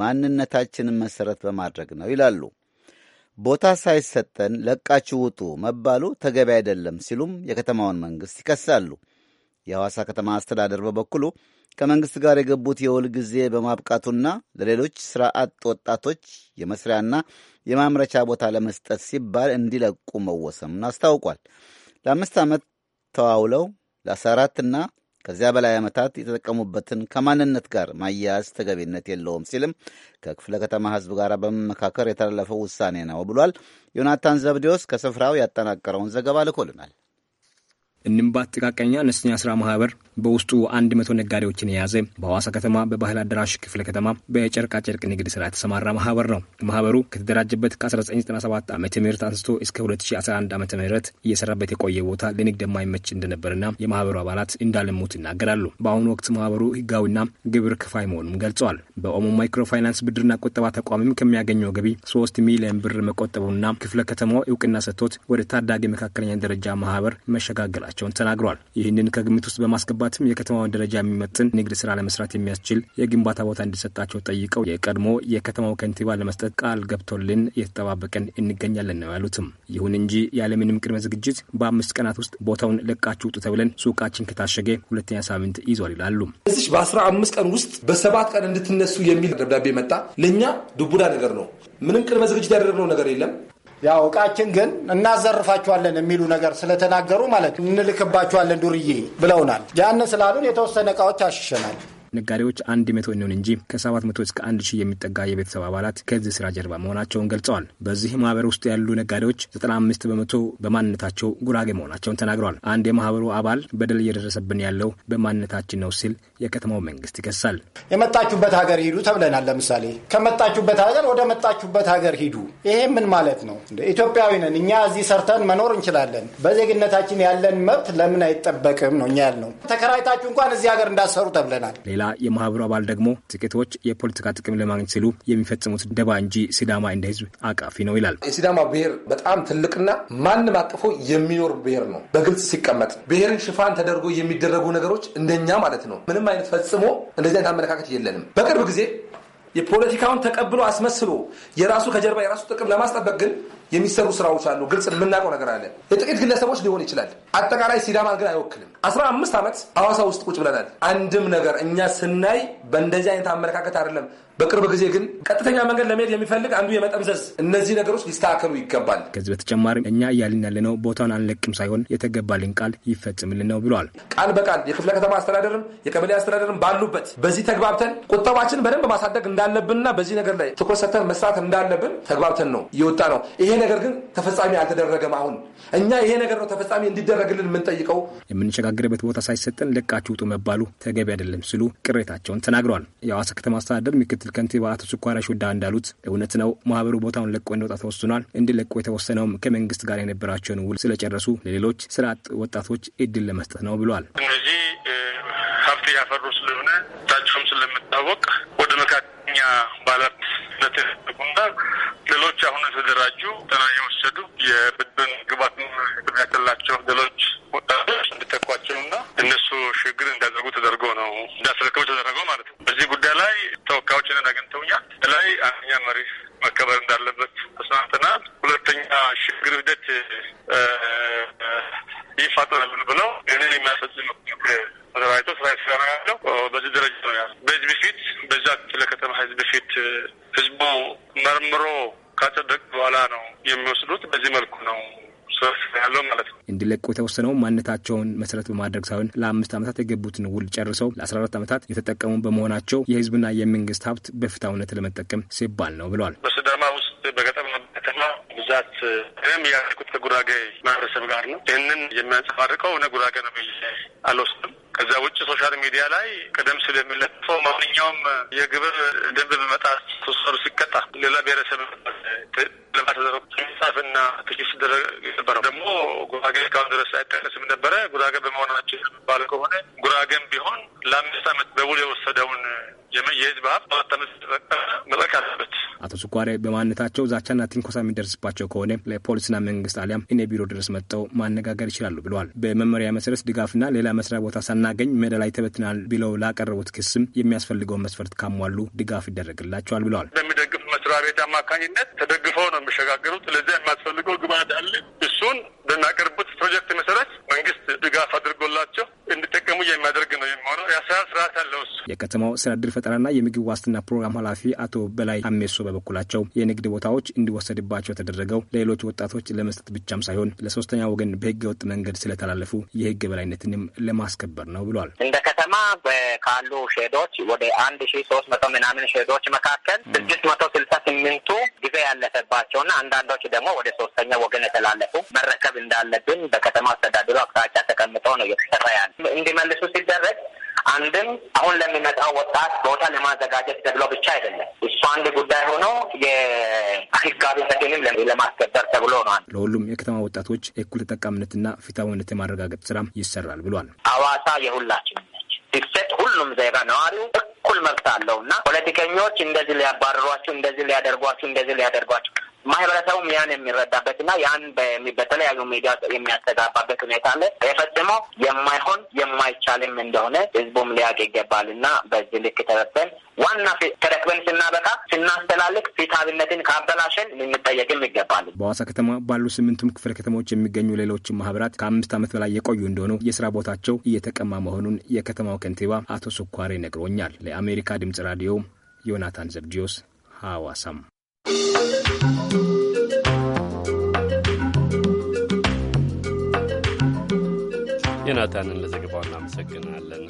ማንነታችንን መሰረት በማድረግ ነው ይላሉ። ቦታ ሳይሰጠን ለቃችሁ ውጡ መባሉ ተገቢ አይደለም ሲሉም የከተማውን መንግሥት ይከሳሉ። የሐዋሳ ከተማ አስተዳደር በበኩሉ ከመንግሥት ጋር የገቡት የውል ጊዜ በማብቃቱና ለሌሎች ሥራ አጥ ወጣቶች የመስሪያና የማምረቻ ቦታ ለመስጠት ሲባል እንዲለቁ መወሰኑን አስታውቋል። ለአምስት ዓመት ተዋውለው ለ14 ከዚያ በላይ ዓመታት የተጠቀሙበትን ከማንነት ጋር ማያያዝ ተገቢነት የለውም ሲልም ከክፍለ ከተማ ሕዝብ ጋር በመመካከር የተላለፈው ውሳኔ ነው ብሏል። ዮናታን ዘብዴዎስ ከስፍራው ያጠናቀረውን ዘገባ ልኮልናል። እንምባት ጥቃቀኛ አነስተኛ ስራ ማህበር በውስጡ አንድ መቶ ነጋዴዎችን የያዘ በሐዋሳ ከተማ በባህል አዳራሽ ክፍለ ከተማ በጨርቃጨርቅ ንግድ ስራ የተሰማራ ማህበር ነው። ማህበሩ ከተደራጀበት ከ1997 ዓ ም አንስቶ እስከ 2011 ዓ ም እየሰራበት የቆየ ቦታ ለንግድ የማይመች እንደነበርና የማህበሩ አባላት እንዳለሙት ይናገራሉ። በአሁኑ ወቅት ማህበሩ ህጋዊና ግብር ክፋይ መሆኑም ገልጸዋል። በኦሞ ማይክሮፋይናንስ ብድርና ቁጠባ ተቋምም ከሚያገኘው ገቢ 3 ሚሊዮን ብር መቆጠቡና ክፍለ ከተማው እውቅና ሰጥቶት ወደ ታዳጊ መካከለኛ ደረጃ ማህበር መሸጋገላል መጀመራቸውን ተናግሯል። ይህንን ከግምት ውስጥ በማስገባትም የከተማውን ደረጃ የሚመጥን ንግድ ስራ ለመስራት የሚያስችል የግንባታ ቦታ እንዲሰጣቸው ጠይቀው የቀድሞ የከተማው ከንቲባ ለመስጠት ቃል ገብቶልን እየተጠባበቀን እንገኛለን ነው ያሉትም። ይሁን እንጂ ያለምንም ቅድመ ዝግጅት በአምስት ቀናት ውስጥ ቦታውን ለቃችሁ ውጡ ተብለን ሱቃችን ከታሸገ ሁለተኛ ሳምንት ይዟል ይላሉ። እዚህ በአስራ አምስት ቀን ውስጥ በሰባት ቀን እንድትነሱ የሚል ደብዳቤ መጣ። ለእኛ ዱቡዳ ነገር ነው። ምንም ቅድመ ዝግጅት ያደረግነው ነገር የለም። ያው እቃችን ግን እናዘርፋችኋለን የሚሉ ነገር ስለተናገሩ ማለት እንልክባችኋለን ዱርዬ ብለውናል። ያን ስላሉን የተወሰነ እቃዎች አሽሸናል። ነጋዴዎች አንድ መቶ የሚሆን እንጂ ከሰባት መቶ እስከ አንድ ሺህ የሚጠጋ የቤተሰብ አባላት ከዚህ ስራ ጀርባ መሆናቸውን ገልጸዋል። በዚህ ማህበር ውስጥ ያሉ ነጋዴዎች ዘጠና አምስት በመቶ በማንነታቸው ጉራጌ መሆናቸውን ተናግረዋል። አንድ የማህበሩ አባል በደል እየደረሰብን ያለው በማንነታችን ነው ሲል የከተማው መንግስት ይከሳል። የመጣችሁበት ሀገር ሂዱ ተብለናል። ለምሳሌ ከመጣችሁበት ሀገር ወደ መጣችሁበት ሀገር ሂዱ። ይሄ ምን ማለት ነው? ኢትዮጵያዊ ነን እኛ እዚህ ሰርተን መኖር እንችላለን። በዜግነታችን ያለን መብት ለምን አይጠበቅም ነው እኛ ያልነው። ተከራይታችሁ እንኳን እዚህ ሀገር እንዳሰሩ ተብለናል። ሌላ የማህበሩ አባል ደግሞ ጥቂቶች የፖለቲካ ጥቅም ለማግኘት ሲሉ የሚፈጽሙት ደባ እንጂ ሲዳማ እንደ ህዝብ አቃፊ ነው ይላል። የሲዳማ ብሔር በጣም ትልቅና ማንም አቅፎ የሚኖር ብሔር ነው። በግልጽ ሲቀመጥ ብሔርን ሽፋን ተደርጎ የሚደረጉ ነገሮች እንደኛ ማለት ነው። ምንም አይነት ፈጽሞ እንደዚህ አይነት አመለካከት የለንም። በቅርብ ጊዜ የፖለቲካውን ተቀብሎ አስመስሎ የራሱ ከጀርባ የራሱ ጥቅም ለማስጠበቅ ግን የሚሰሩ ስራዎች አሉ። ግልጽ የምናውቀው ነገር አለ። የጥቂት ግለሰቦች ሊሆን ይችላል። አጠቃላይ ሲዳማ ግን አይወክልም። አስራ አምስት ዓመት አዋሳ ውስጥ ቁጭ ብለናል። አንድም ነገር እኛ ስናይ በእንደዚህ አይነት አመለካከት አይደለም። በቅርብ ጊዜ ግን ቀጥተኛ መንገድ ለመሄድ የሚፈልግ አንዱ የመጠምዘዝ እነዚህ ነገሮች ሊስተካከሉ ይገባል። ከዚህ በተጨማሪም እኛ እያልን ያለነው ቦታውን አንለቅም ሳይሆን የተገባልን ቃል ይፈጽምልን ነው ብለዋል። ቃል በቃል የክፍለ ከተማ አስተዳደርም የቀበሌ አስተዳደርም ባሉበት በዚህ ተግባብተን ቁጠባችን በደንብ ማሳደግ እንዳለብንና በዚህ ነገር ላይ ትኩረት ሰጥተን መስራት እንዳለብን ተግባብተን ነው እየወጣ ነው ይሄን ነገር ግን ተፈጻሚ አልተደረገም። አሁን እኛ ይሄ ነገር ነው ተፈጻሚ እንዲደረግልን የምንጠይቀው። የምንሸጋገርበት ቦታ ሳይሰጠን ለቃችሁ ውጡ መባሉ ተገቢ አይደለም ሲሉ ቅሬታቸውን ተናግረዋል። የአዋሳ ከተማ አስተዳደር ምክትል ከንቲባ አቶ ስኳራሽ ወዳ እንዳሉት እውነት ነው ማህበሩ ቦታውን ለቆ እንደወጣ ተወስኗል። እንዲለቁ የተወሰነውም ከመንግስት ጋር የነበራቸውን ውል ስለጨረሱ ለሌሎች ስራ አጥ ወጣቶች እድል ለመስጠት ነው ብሏል። እነዚህ ሀብት ያፈሩ ስለሆነ ታቸውም ስለምታወቅ ወደ መካከለኛ ባላት ስለተደረጉና ሌሎች አሁን የተደራጁ ጠና የወሰዱ የብድን ግባት የሚያከላቸው ሌሎች ወጣቶች እንዲተኳቸውና እነሱ ሽግግር እንዲያደርጉ ተደርጎ ነው እንዳስረክቡ ተደረገው ማለት ነው። በዚህ ጉዳይ ላይ ተወካዮችን አግኝተውኛል ላይ አንኛ መሪ መከበር እንዳለበት ተስማምተናል። ሁለተኛ ሽግግር ሂደት ይፋጠናል ብለው ይህንን የሚያስፈጽም ተደራጅቶ ስራ የተሰራ ያለው በዚህ ደረጃ ነው ያለ በህዝብ ፊት በዛት ለከተማ ህዝብ ፊት ህዝቡ መርምሮ ካጸደቅ በኋላ ነው የሚወስዱት። በዚህ መልኩ ነው ሶርስ ያለው ማለት ነው። እንዲለቁ የተወሰነው ማንነታቸውን መሰረት በማድረግ ሳይሆን ለአምስት ዓመታት የገቡትን ውል ጨርሰው ለአስራ አራት ዓመታት የተጠቀሙ በመሆናቸው የህዝብና የመንግስት ሀብት በፍትሃዊነት ለመጠቀም ሲባል ነው ብለዋል። በሲዳማ ውስጥ ውስጥ በገጠር ከተማ ብዛት ይህም ያደርኩት ከጉራጌ ማህበረሰብ ጋር ነው። ይህንን የሚያንጸባርቀው እነ ጉራጌ ነው ብዬ አልወስድም። ከዛ ውጭ ሶሻል ሚዲያ ላይ ቀደም ሲል የሚለጥፈው ማንኛውም የግብር ደንብ በመጣት ተወሰሩ ሲቀጣ ሌላ ብሔረሰብ ለማተዘረጉ ጻፍና ትችት ሲደረግ ነበረው ደግሞ ጉራጌ እስካሁን ድረስ አይጠቀስም ነበረ። ጉራጌ በመሆናችን የሚባለ ከሆነ ጉራጌም ቢሆን ለአምስት ዓመት በውል የወሰደውን የህዝብ ሀብት በአራት ዓመት ከሱ ጋር በማንነታቸው ዛቻና ትንኮሳ የሚደርስባቸው ከሆነ ለፖሊስና መንግስት አሊያም እኔ ቢሮ ድረስ መጥተው ማነጋገር ይችላሉ ብለዋል። በመመሪያ መሰረት ድጋፍና ሌላ መስሪያ ቦታ ሳናገኝ ሜዳ ላይ ተበትናል ብለው ላቀረቡት ክስም የሚያስፈልገውን መስፈርት ካሟሉ ድጋፍ ይደረግላቸዋል ብለዋል። በሚደግፍ መስሪያ ቤት አማካኝነት ተደግፈው ነው የሚሸጋገሩት። ለዚያ የሚያስፈልገው ግብአት አለ እሱን በሚያቀርቡት ፕሮጀክት መሰረት መንግስት ድጋፍ አድርጎላቸው እንዲጠቀሙ የሚያደርግ ነው የሚሆነው። የአሰራር ስርዓት ያለው እሱ። የከተማው ስራ ዕድል ፈጠራና የምግብ ዋስትና ፕሮግራም ኃላፊ አቶ በላይ አሜሶ በበኩላቸው የንግድ ቦታዎች እንዲወሰድባቸው የተደረገው ለሌሎች ወጣቶች ለመስጠት ብቻም ሳይሆን ለሶስተኛ ወገን በህገ ወጥ መንገድ ስለተላለፉ የህግ በላይነትንም ለማስከበር ነው ብሏል። እንደ ከተማ ካሉ ሼዶች ወደ አንድ ሺ ሶስት መቶ ምናምን ሼዶች መካከል ስድስት መቶ ስልሳ ስምንቱ ጊዜ ያለፈባቸውና አንዳንዶች ደግሞ ወደ ሶስተኛ ወገን የተላለፉ መረከብ እንዳለብን በከተማ አስተዳደሩ አቅጣጫ ተቀምጠው ነው እየተሰራ ያለ። እንዲመልሱ ሲደረግ አንድም አሁን ለሚመጣው ወጣት ቦታ ለማዘጋጀት ተብሎ ብቻ አይደለም። እሱ አንድ ጉዳይ ሆኖ የህጋዊነትንም ለማስከበር ተብሎ ነዋል። ለሁሉም የከተማ ወጣቶች እኩል ተጠቃሚነትና ፍትሐዊነት የማረጋገጥ ስራም ይሰራል ብሏል። አዋሳ የሁላችን ነች። ሲሰጥ ሁሉም ዜጋ ነዋሪው እኩል መብት አለው እና ፖለቲከኞች እንደዚህ ሊያባርሯችሁ፣ እንደዚህ ሊያደርጓችሁ፣ እንደዚህ ሊያደርጓችሁ ማህበረሰቡም ያን የሚረዳበትና ያን በተለያዩ ሚዲያ የሚያስተጋባበት ሁኔታ አለ። የፈጽሞ የማይሆን የማይቻልም እንደሆነ ህዝቡም ሊያቅ ይገባል እና በዚህ ልክ ተረክበን ዋና ተረክበን ስናበቃ ስናስተላልቅ ፊታብነትን ካበላሸን ልንጠየቅም ይገባል። በሐዋሳ ከተማ ባሉ ስምንቱም ክፍለ ከተሞች የሚገኙ ሌሎች ማህበራት ከአምስት ዓመት በላይ የቆዩ እንደሆኑ የስራ ቦታቸው እየተቀማ መሆኑን የከተማው ከንቲባ አቶ ስኳሬ ነግሮኛል። ለአሜሪካ ድምጽ ራዲዮ ዮናታን ዘብዲዮስ ሐዋሳም ዮናታንን ለዘገባው እናመሰግናለን።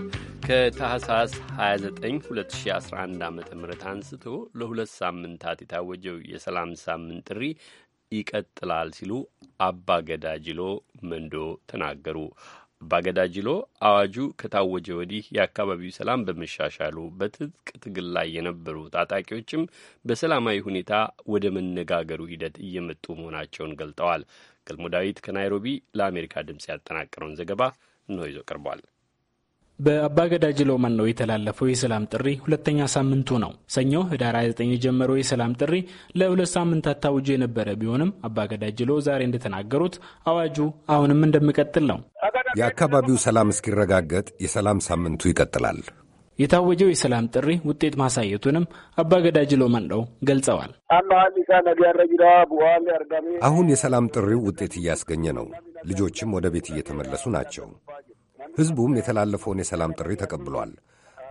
ከታህሳስ 29 2011 ዓ ም አንስቶ ለሁለት ሳምንታት የታወጀው የሰላም ሳምንት ጥሪ ይቀጥላል ሲሉ አባ ገዳ ጅሎ መንዶ ተናገሩ። አባገዳጅ ጅሎ አዋጁ ከታወጀ ወዲህ የአካባቢው ሰላም በመሻሻሉ በትጥቅ ትግል ላይ የነበሩ ታጣቂዎችም በሰላማዊ ሁኔታ ወደ መነጋገሩ ሂደት እየመጡ መሆናቸውን ገልጠዋል። ገልሞ ዳዊት ከናይሮቢ ለአሜሪካ ድምፅ ያጠናቀረውን ዘገባ ነው ይዞ ቀርቧል። በአባገዳጅ ሎመን ነው የተላለፈው የሰላም ጥሪ ሁለተኛ ሳምንቱ ነው። ሰኞ ህዳር 29 የጀመረው የሰላም ጥሪ ለሁለት ሳምንታት ታውጆ የነበረ ቢሆንም አባገዳጅሎ ዛሬ እንደተናገሩት አዋጁ አሁንም እንደሚቀጥል ነው። የአካባቢው ሰላም እስኪረጋገጥ የሰላም ሳምንቱ ይቀጥላል። የታወጀው የሰላም ጥሪ ውጤት ማሳየቱንም አባገዳጅ ሎመንዳው ገልጸዋል። አሁን የሰላም ጥሪው ውጤት እያስገኘ ነው። ልጆችም ወደ ቤት እየተመለሱ ናቸው። ሕዝቡም የተላለፈውን የሰላም ጥሪ ተቀብሏል።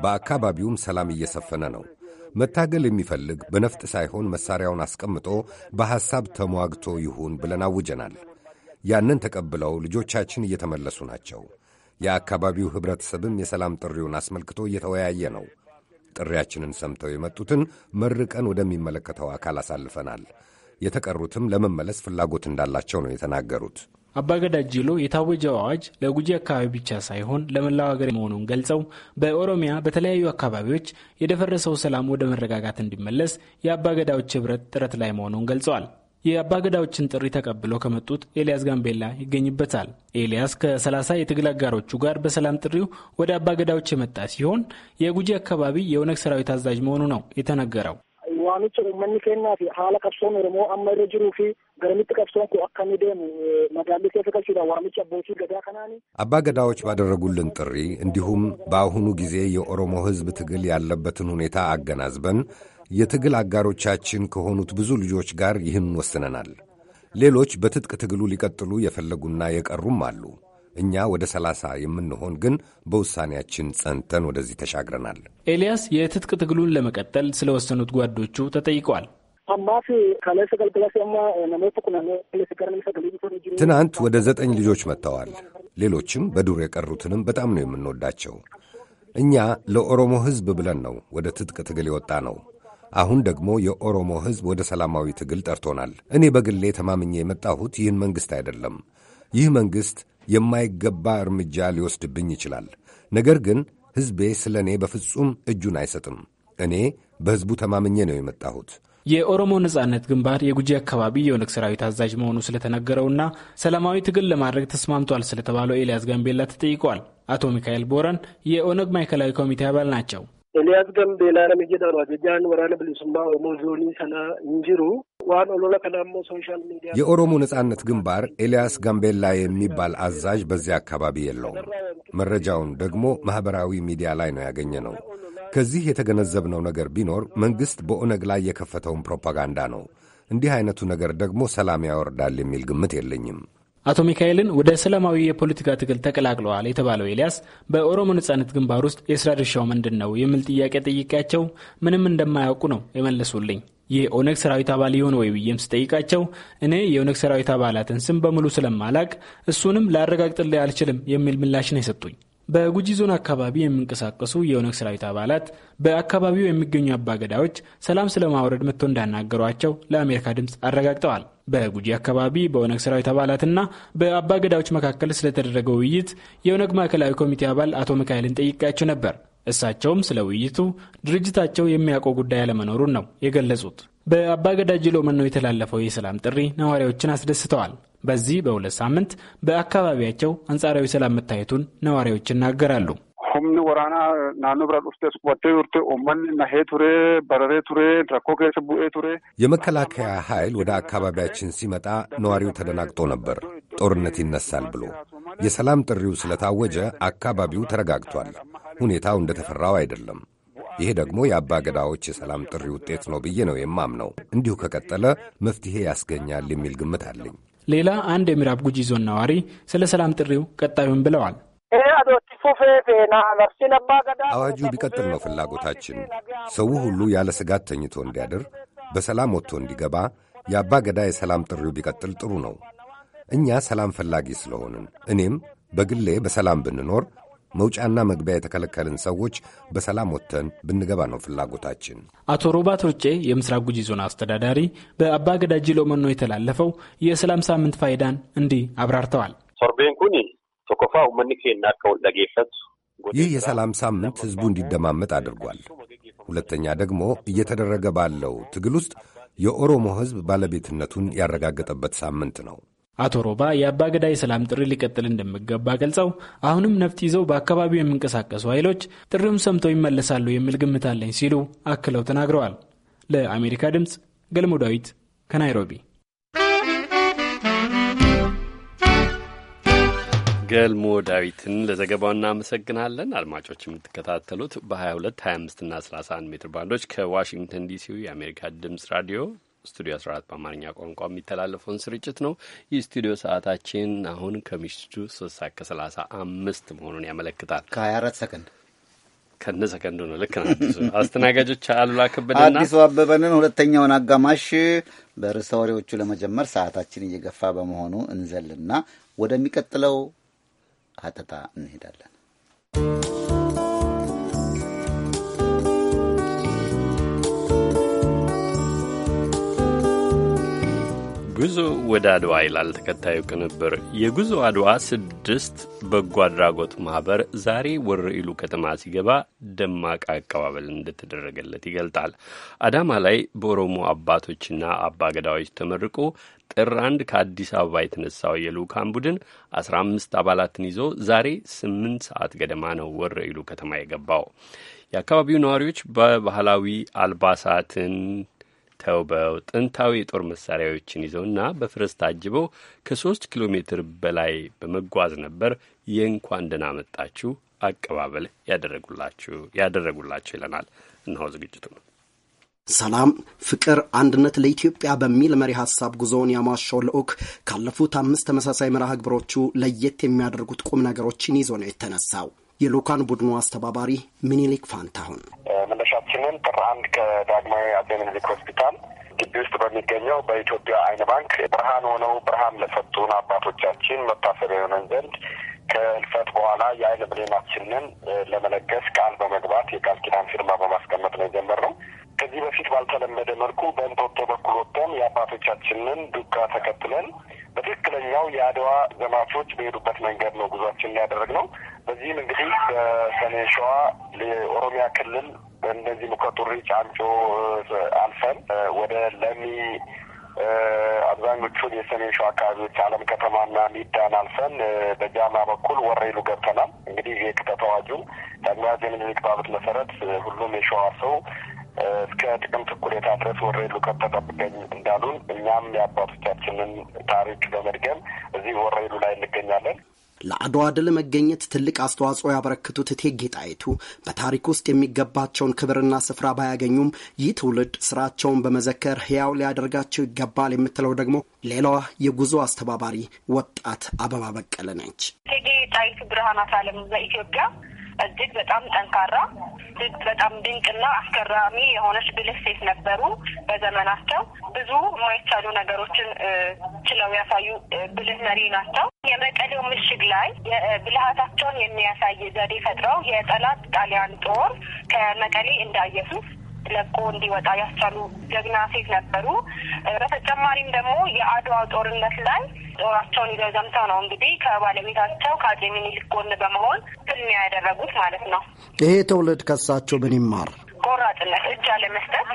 በአካባቢውም ሰላም እየሰፈነ ነው። መታገል የሚፈልግ በነፍጥ ሳይሆን መሳሪያውን አስቀምጦ በሐሳብ ተሟግቶ ይሁን ብለን አውጀናል። ያንን ተቀብለው ልጆቻችን እየተመለሱ ናቸው። የአካባቢው ኅብረተሰብም የሰላም ጥሪውን አስመልክቶ እየተወያየ ነው። ጥሪያችንን ሰምተው የመጡትን መርቀን ወደሚመለከተው አካል አሳልፈናል። የተቀሩትም ለመመለስ ፍላጎት እንዳላቸው ነው የተናገሩት። አባገዳ ጅሎ የታወጀው አዋጅ ለጉጂ አካባቢ ብቻ ሳይሆን ለመላው ሀገር መሆኑን ገልጸው በኦሮሚያ በተለያዩ አካባቢዎች የደፈረሰው ሰላም ወደ መረጋጋት እንዲመለስ የአባገዳዎች ህብረት ጥረት ላይ መሆኑን ገልጸዋል። የአባገዳዎችን ጥሪ ተቀብለው ከመጡት ኤልያስ ጋምቤላ ይገኝበታል። ኤልያስ ከሰላሳ የትግል አጋሮቹ ጋር በሰላም ጥሪው ወደ አባገዳዎች የመጣ ሲሆን የጉጂ አካባቢ የኦነግ ሰራዊት አዛዥ መሆኑ ነው የተነገረው። ኬና ቀብሶን ኦሮሞ ጅሩ ፊ ቀብሶን ኩ ገዳ ከናኒ አባ ገዳዎች ባደረጉልን ጥሪ እንዲሁም በአሁኑ ጊዜ የኦሮሞ ሕዝብ ትግል ያለበትን ሁኔታ አገናዝበን የትግል አጋሮቻችን ከሆኑት ብዙ ልጆች ጋር ይህን ወስነናል። ሌሎች በትጥቅ ትግሉ ሊቀጥሉ የፈለጉና የቀሩም አሉ። እኛ ወደ ሰላሳ የምንሆን ግን በውሳኔያችን ጸንተን ወደዚህ ተሻግረናል። ኤልያስ የትጥቅ ትግሉን ለመቀጠል ስለወሰኑት ጓዶቹ ተጠይቀዋል። ትናንት ወደ ዘጠኝ ልጆች መጥተዋል። ሌሎችም በዱር የቀሩትንም በጣም ነው የምንወዳቸው። እኛ ለኦሮሞ ሕዝብ ብለን ነው ወደ ትጥቅ ትግል የወጣ ነው። አሁን ደግሞ የኦሮሞ ሕዝብ ወደ ሰላማዊ ትግል ጠርቶናል። እኔ በግሌ ተማምኜ የመጣሁት ይህን መንግሥት አይደለም። ይህ መንግሥት የማይገባ እርምጃ ሊወስድብኝ ይችላል። ነገር ግን ሕዝቤ ስለ እኔ በፍጹም እጁን አይሰጥም። እኔ በሕዝቡ ተማምኜ ነው የመጣሁት። የኦሮሞ ነጻነት ግንባር የጉጂ አካባቢ የኦነግ ሰራዊት አዛዥ መሆኑ ስለተነገረውና ሰላማዊ ትግል ለማድረግ ተስማምቷል ስለተባለው ኤልያስ ጋምቤላ ተጠይቀዋል። አቶ ሚካኤል ቦረን የኦነግ ማዕከላዊ ኮሚቴ አባል ናቸው። ኤልያስ ገምቤላ ለመጀዳ ጃን ወራነ ብሊሱማ ኦሞ ዞኒ ከና እንጅሩ ዋን ኦሎላ ከናሞ ሶሻል ሚዲያ የኦሮሞ ነጻነት ግንባር ኤልያስ ጋምቤላ የሚባል አዛዥ በዚያ አካባቢ የለውም። መረጃውን ደግሞ ማኅበራዊ ሚዲያ ላይ ነው ያገኘ ነው። ከዚህ የተገነዘብነው ነገር ቢኖር መንግሥት በኦነግ ላይ የከፈተውን ፕሮፓጋንዳ ነው። እንዲህ አይነቱ ነገር ደግሞ ሰላም ያወርዳል የሚል ግምት የለኝም። አቶ ሚካኤልን ወደ ሰላማዊ የፖለቲካ ትግል ተቀላቅለዋል የተባለው ኤልያስ በኦሮሞ ነጻነት ግንባር ውስጥ የስራ ድርሻው ምንድን ነው የሚል ጥያቄ ጠይቄያቸው ምንም እንደማያውቁ ነው የመለሱልኝ። የኦነግ ሰራዊት አባል የሆነ ወይ ብዬም ስጠይቃቸው እኔ የኦነግ ሰራዊት አባላትን ስም በሙሉ ስለማላቅ እሱንም ላረጋግጥልህ አልችልም የሚል ምላሽ ነው የሰጡኝ። በጉጂ ዞን አካባቢ የሚንቀሳቀሱ የኦነግ ሰራዊት አባላት በአካባቢው የሚገኙ አባገዳዎች ሰላም ስለማውረድ መጥቶ እንዳናገሯቸው ለአሜሪካ ድምፅ አረጋግጠዋል። በጉጂ አካባቢ በኦነግ ሰራዊት አባላትና በአባገዳዎች መካከል ስለተደረገው ውይይት የኦነግ ማዕከላዊ ኮሚቴ አባል አቶ ሚካኤልን ጠይቄያቸው ነበር። እሳቸውም ስለ ውይይቱ ድርጅታቸው የሚያውቀው ጉዳይ አለመኖሩን ነው የገለጹት። በአባገዳ ጅሎ መነው የተላለፈው የሰላም ጥሪ ነዋሪዎችን አስደስተዋል። በዚህ በሁለት ሳምንት በአካባቢያቸው አንጻራዊ ሰላም መታየቱን ነዋሪዎች ይናገራሉ። ሁምኒ ወራና ናኖ bira ስቴስ qubattee turte uummanni nahee ture bararee ture rakkoo keessa የመከላከያ ኃይል ወደ አካባቢያችን ሲመጣ ነዋሪው ተደናግጦ ነበር ጦርነት ይነሳል ብሎ የሰላም ጥሪው ስለታወጀ አካባቢው ተረጋግቷል ሁኔታው እንደተፈራው አይደለም ይሄ ደግሞ የአባ ገዳዎች የሰላም ጥሪ ውጤት ነው ብዬ ነው የማምነው እንዲሁ ከቀጠለ መፍትሄ ያስገኛል የሚል ግምት አለኝ ሌላ አንድ የምዕራብ ጉጂ ዞን ነዋሪ ስለ ሰላም ጥሪው ቀጣዩን ብለዋል። አዋጁ ቢቀጥል ነው ፍላጎታችን። ሰው ሁሉ ያለ ስጋት ተኝቶ እንዲያድር፣ በሰላም ወጥቶ እንዲገባ የአባ ገዳ የሰላም ጥሪው ቢቀጥል ጥሩ ነው። እኛ ሰላም ፈላጊ ስለሆንን እኔም በግሌ በሰላም ብንኖር መውጫና መግቢያ የተከለከልን ሰዎች በሰላም ወጥተን ብንገባ ነው ፍላጎታችን። አቶ ሮባት ሩጬ የምስራቅ ጉጂ ዞን አስተዳዳሪ በአባ ገዳጅ ሎመኖ የተላለፈው የሰላም ሳምንት ፋይዳን እንዲህ አብራርተዋል። ሶርቤን ኩኒ ቶኮፋ ለጌፈት ይህ የሰላም ሳምንት ህዝቡ እንዲደማመጥ አድርጓል። ሁለተኛ ደግሞ እየተደረገ ባለው ትግል ውስጥ የኦሮሞ ህዝብ ባለቤትነቱን ያረጋገጠበት ሳምንት ነው። አቶ ሮባ የአባገዳ የሰላም ጥሪ ሊቀጥል እንደሚገባ ገልጸው አሁንም ነፍጥ ይዘው በአካባቢው የሚንቀሳቀሱ ኃይሎች ጥሪውን ሰምተው ይመለሳሉ የሚል ግምት አለኝ ሲሉ አክለው ተናግረዋል። ለአሜሪካ ድምፅ ገልሞ ዳዊት ከናይሮቢ። ገልሞ ዳዊትን ለዘገባው እናመሰግናለን። አድማጮች የምትከታተሉት በ22፣ 25 እና 31 ሜትር ባንዶች ከዋሽንግተን ዲሲው የአሜሪካ ድምፅ ራዲዮ ስቱዲዮ 14 በአማርኛ ቋንቋ የሚተላለፈውን ስርጭት ነው። ይህ ስቱዲዮ ሰዓታችን አሁን ከምሽቱ 3 ሰዓት ከ35 መሆኑን ያመለክታል። ከ24 ሰከንድ ከነ ሰከንዱ ነው። ልክ ነው። አስተናጋጆች አሉላ ከበደና አዲሱ አበበንን ሁለተኛውን አጋማሽ በርዕሰ ወሬዎቹ ለመጀመር ሰዓታችን እየገፋ በመሆኑ እንዘልና ወደሚቀጥለው ሀተታ እንሄዳለን። ጉዞ ወደ አድዋ ይላል ተከታዩ ቅንብር። የጉዞ አድዋ ስድስት በጎ አድራጎት ማኅበር ዛሬ ወር ኢሉ ከተማ ሲገባ ደማቅ አቀባበል እንደተደረገለት ይገልጣል። አዳማ ላይ በኦሮሞ አባቶችና አባገዳዎች ተመርቆ ጥር አንድ ከአዲስ አበባ የተነሳው የልዑካን ቡድን አስራ አምስት አባላትን ይዞ ዛሬ ስምንት ሰዓት ገደማ ነው ወር ኢሉ ከተማ የገባው። የአካባቢው ነዋሪዎች በባህላዊ አልባሳትን ተውበው ጥንታዊ የጦር መሳሪያዎችን ይዘውና በፈረስ ታጅበው ከሶስት ኪሎ ሜትር በላይ በመጓዝ ነበር የእንኳን ደህና መጣችሁ አቀባበል ያደረጉላችሁ ያደረጉላችሁ ይለናል። እነሆ ዝግጅቱ ነው። ሰላም፣ ፍቅር፣ አንድነት ለኢትዮጵያ በሚል መሪ ሀሳብ ጉዞውን ያሟሻው ልዑክ ካለፉት አምስት ተመሳሳይ መርሃ ግብሮቹ ለየት የሚያደርጉት ቁም ነገሮችን ይዞ ነው የተነሳው። የልኡካን ቡድኑ አስተባባሪ ምኒልክ ፋንታሁን መነሻችንን ጥር አንድ ከዳግማዊ አጼ ምኒልክ ሆስፒታል ግቢ ውስጥ በሚገኘው በኢትዮጵያ አይነ ባንክ ብርሃን ሆነው ብርሃን ለሰጡን አባቶቻችን መታሰቢያ የሆነን ዘንድ ከህልፈት በኋላ የአይን ብሌናችንን ለመለገስ ቃል በመግባት የቃል ኪዳን ፊርማ በማስቀመጥ ነው የጀመርነው። ከዚህ በፊት ባልተለመደ መልኩ በእንጦጦ በኩል ወጥተን የአባቶቻችንን ዱካ ተከትለን በትክክለኛው የአድዋ ዘማቾች በሄዱበት መንገድ ነው ጉዟችን ያደረግ ነው። በዚህም እንግዲህ በሰሜን ሸዋ የኦሮሚያ ክልል በእነዚህ ሙከጡሪ፣ ጫንጮ አልፈን ወደ ለሚ አብዛኞቹን የሰሜን ሸዋ አካባቢዎች አለም ከተማና ሚዳን አልፈን በጃማ በኩል ወረኢሉ ገብተናል። እንግዲህ የክተት አዋጁ ዳግማዊ ምኒልክ ባሉት መሰረት ሁሉም የሸዋ ሰው እስከ ጥቅምት እኩሌታ ድረስ ወረኢሉ ከተጠብቀኝ እንዳሉን እኛም የአባቶቻችንን ታሪክ በመድገም እዚህ ወረኢሉ ላይ እንገኛለን። ለአድዋ ድል መገኘት ትልቅ አስተዋጽኦ ያበረክቱት እቴጌ ጣይቱ በታሪክ ውስጥ የሚገባቸውን ክብርና ስፍራ ባያገኙም ይህ ትውልድ ስራቸውን በመዘከር ሕያው ሊያደርጋቸው ይገባል የምትለው ደግሞ ሌላዋ የጉዞ አስተባባሪ ወጣት አበባ በቀለ ነች። እቴጌ ጣይቱ ብርሃናት ዓለም በኢትዮጵያ እጅግ በጣም ጠንካራ እጅግ በጣም ድንቅና አስገራሚ የሆነች ብልህ ሴት ነበሩ። በዘመናቸው ብዙ የማይቻሉ ነገሮችን ችለው ያሳዩ ብልህ መሪ ናቸው። የመቀሌው ምሽግ ላይ ብልሃታቸውን የሚያሳይ ዘዴ ፈጥረው የጠላት ጣሊያን ጦር ከመቀሌ እንዳየሱ ለቆ እንዲወጣ ያስቻሉ ጀግና ሴት ነበሩ። በተጨማሪም ደግሞ የአድዋ ጦርነት ላይ ጦራቸውን ይዘው ዘምተው ነው እንግዲህ ከባለቤታቸው ከአፄ ምኒልክ ጎን በመሆን ፍልሚያ ያደረጉት ማለት ነው። ይሄ ትውልድ ከሳቸው ምን ይማር? ቆራጥነት፣ እጅ አለመስጠት፣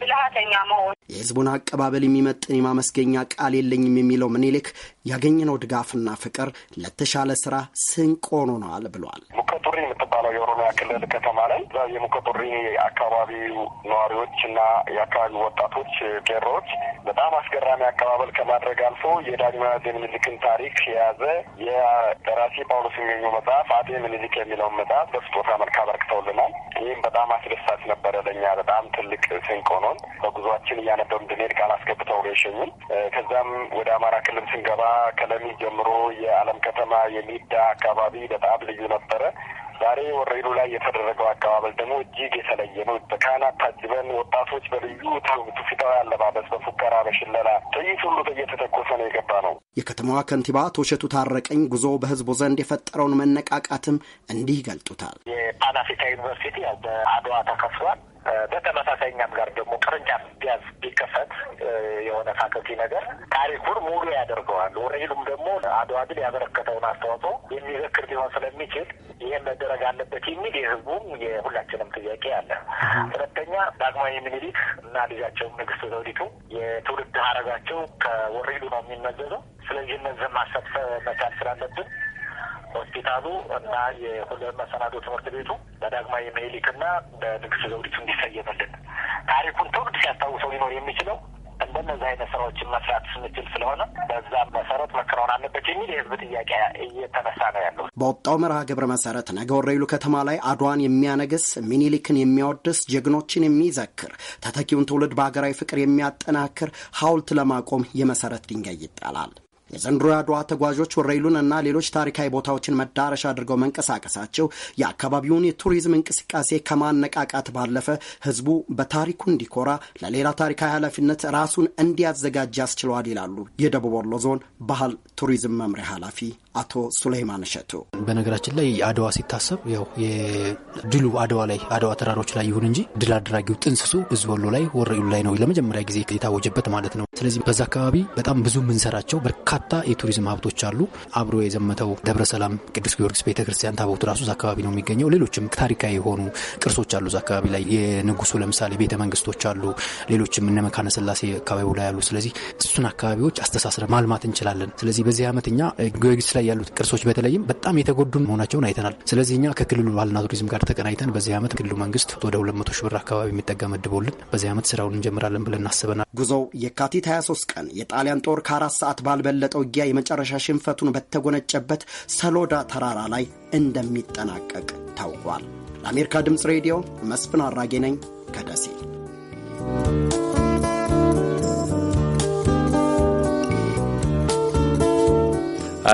ብልሃተኛ መሆን። የህዝቡን አቀባበል የሚመጥን የማመስገኛ ቃል የለኝም የሚለው ምኒልክ ያገኘነው ድጋፍና ፍቅር ለተሻለ ስራ ስንቅ ሆኖናል ብሏል። ሙከቱሪ የምትባለው የኦሮሚያ ክልል ከተማ ላይ እዛ የሙከጡሪ አካባቢው ነዋሪዎች እና የአካባቢ ወጣቶች ቄሮዎች በጣም አስገራሚ አቀባበል ከማድረግ አልፎ የዳግማዊ አፄ ምኒልክን ታሪክ የያዘ የደራሲ ጳውሎስ የሚኙ መጽሐፍ አፄ ምኒልክ የሚለውን መጽሐፍ በስጦታ መልክ አበርክተውልናል። ይህም በጣም አስደሳች ነበረ። ለእኛ በጣም ትልቅ ስንቅ ሆኖን በጉዟችን እያነበብን እንድንሄድ ቃል አስገብተው ነው የሸኙን። ከዛም ወደ አማራ ክልል ስንገባ ከለሚ ጀምሮ የአለም ከተማ የሚዳ አካባቢ በጣም ልዩ ነበረ። ዛሬ ወረኢሉ ላይ የተደረገው አቀባበል ደግሞ እጅግ የተለየ ነው። በካህናት ታጅበን ወጣቶች በልዩ ትውፊታዊ አለባበስ፣ በፉከራ በሽለላ ጥይት ሁሉ እየተተኮሰ ነው የገባ ነው። የከተማዋ ከንቲባ ቶሸቱ ታረቀኝ ጉዞ በህዝቡ ዘንድ የፈጠረውን መነቃቃትም እንዲህ ይገልጡታል። የፓን አፍሪካ ዩኒቨርሲቲ በአድዋ ተከፍሏል። በተመሳሳይኛም ጋር ደግሞ ቅርንጫፍ ቢያዝ ቢከፈት የሆነ ፋክልቲ ነገር ታሪኩን ሙሉ ያደርገዋል። ወረሂሉም ደግሞ አድዋ ድል ያበረከተውን አስተዋጽኦ የሚዘክር ሊሆን ስለሚችል ይህን መደረግ አለበት የሚል የህዝቡም የሁላችንም ጥያቄ አለ። ሁለተኛ ዳግማዊ ምኒልክ እና ልጃቸው ንግስት ዘውዲቱ የትውልድ ሀረጋቸው ከወረሂሉ ነው የሚመዘዘው። ስለዚህ እነዚህን ማሰብ መቻል ስላለብን ሆስፒታሉ እና የሁለት መሰናዶ ትምህርት ቤቱ በዳግማዊ ምኒልክና በንግስት ዘውዲቱ እንዲሰየምልን ታሪኩን ትውልድ ሲያስታውሰው ሊኖር የሚችለው እንደነዚህ አይነት ስራዎችን መስራት ስንችል ስለሆነ በዛ መሰረት መከናወን አለበት የሚል የህዝብ ጥያቄ እየተነሳ ነው ያለው። በወጣው መርሃ ግብር መሰረት ነገ ወረይሉ ከተማ ላይ አድዋን የሚያነግስ ሚኒሊክን የሚያወድስ ጀግኖችን የሚዘክር ተተኪውን ትውልድ በሀገራዊ ፍቅር የሚያጠናክር ሀውልት ለማቆም የመሰረት ድንጋይ ይጣላል። የዘንድሮ የአድዋ ተጓዦች ወረይሉን እና ሌሎች ታሪካዊ ቦታዎችን መዳረሻ አድርገው መንቀሳቀሳቸው የአካባቢውን የቱሪዝም እንቅስቃሴ ከማነቃቃት ባለፈ ህዝቡ በታሪኩ እንዲኮራ፣ ለሌላ ታሪካዊ ኃላፊነት ራሱን እንዲያዘጋጅ ያስችለዋል ይላሉ የደቡብ ወሎ ዞን ባህል ቱሪዝም መምሪያ ኃላፊ አቶ ሱሌይማን እሸቱ። በነገራችን ላይ አድዋ ሲታሰብ ያው የድሉ አድዋ ላይ አድዋ ተራሮች ላይ ይሁን እንጂ ድል አድራጊው ጥንስሱ ህዝብ ወሎ ላይ ወረኢሉ ላይ ነው ለመጀመሪያ ጊዜ የታወጀበት ማለት ነው። ስለዚህ በዛ አካባቢ በጣም ብዙ የምንሰራቸው በርካ በርካታ የቱሪዝም ሀብቶች አሉ። አብሮ የዘመተው ደብረሰላም ቅዱስ ጊዮርጊስ ቤተክርስቲያን ታቦቱ ራሱ እዛ አካባቢ ነው የሚገኘው። ሌሎችም ታሪካዊ የሆኑ ቅርሶች አሉ እዛ አካባቢ ላይ የንጉሱ ለምሳሌ ቤተ መንግስቶች አሉ። ሌሎችም እነ መካነ ስላሴ አካባቢው ላይ አሉ። ስለዚህ እሱን አካባቢዎች አስተሳስረ ማልማት እንችላለን። ስለዚህ በዚህ ዓመት እኛ ጊዮርጊስ ላይ ያሉት ቅርሶች በተለይም በጣም የተጎዱ መሆናቸውን አይተናል። ስለዚህ እኛ ከክልሉ ባህልና ቱሪዝም ጋር ተቀናይተን በዚህ አመት ክልሉ መንግስት ወደ 200 ሺ ብር አካባቢ የሚጠጋ መድቦልን በዚህ አመት ስራውን እንጀምራለን ብለን እናስበናል። ጉዞው የካቲት 23 ቀን የጣሊያን ጦር ከአራት ሰዓት ባልበለ የበለጠ ውጊያ የመጨረሻ ሽንፈቱን በተጎነጨበት ሰሎዳ ተራራ ላይ እንደሚጠናቀቅ ታውቋል። ለአሜሪካ ድምፅ ሬዲዮ መስፍን አራጌ ነኝ ከደሴ።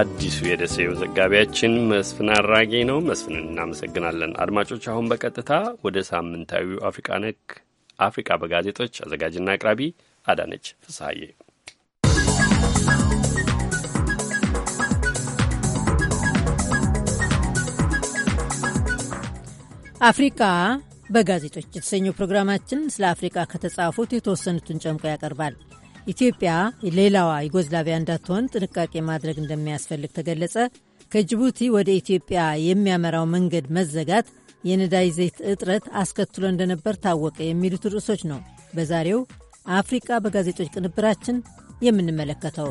አዲሱ የደሴው ዘጋቢያችን መስፍን አራጌ ነው። መስፍንን እናመሰግናለን። አድማጮች፣ አሁን በቀጥታ ወደ ሳምንታዊው አፍሪቃ ነክ አፍሪቃ በጋዜጦች አዘጋጅና አቅራቢ አዳነች ፍስሐዬ አፍሪካ በጋዜጦች የተሰኘው ፕሮግራማችን ስለ አፍሪካ ከተጻፉት የተወሰኑትን ጨምቆ ያቀርባል። ኢትዮጵያ ሌላዋ ዩጎዝላቪያ እንዳትሆን ጥንቃቄ ማድረግ እንደሚያስፈልግ ተገለጸ፣ ከጅቡቲ ወደ ኢትዮጵያ የሚያመራው መንገድ መዘጋት የነዳጅ ዘይት እጥረት አስከትሎ እንደነበር ታወቀ፣ የሚሉት ርዕሶች ነው በዛሬው አፍሪቃ በጋዜጦች ቅንብራችን የምንመለከተው።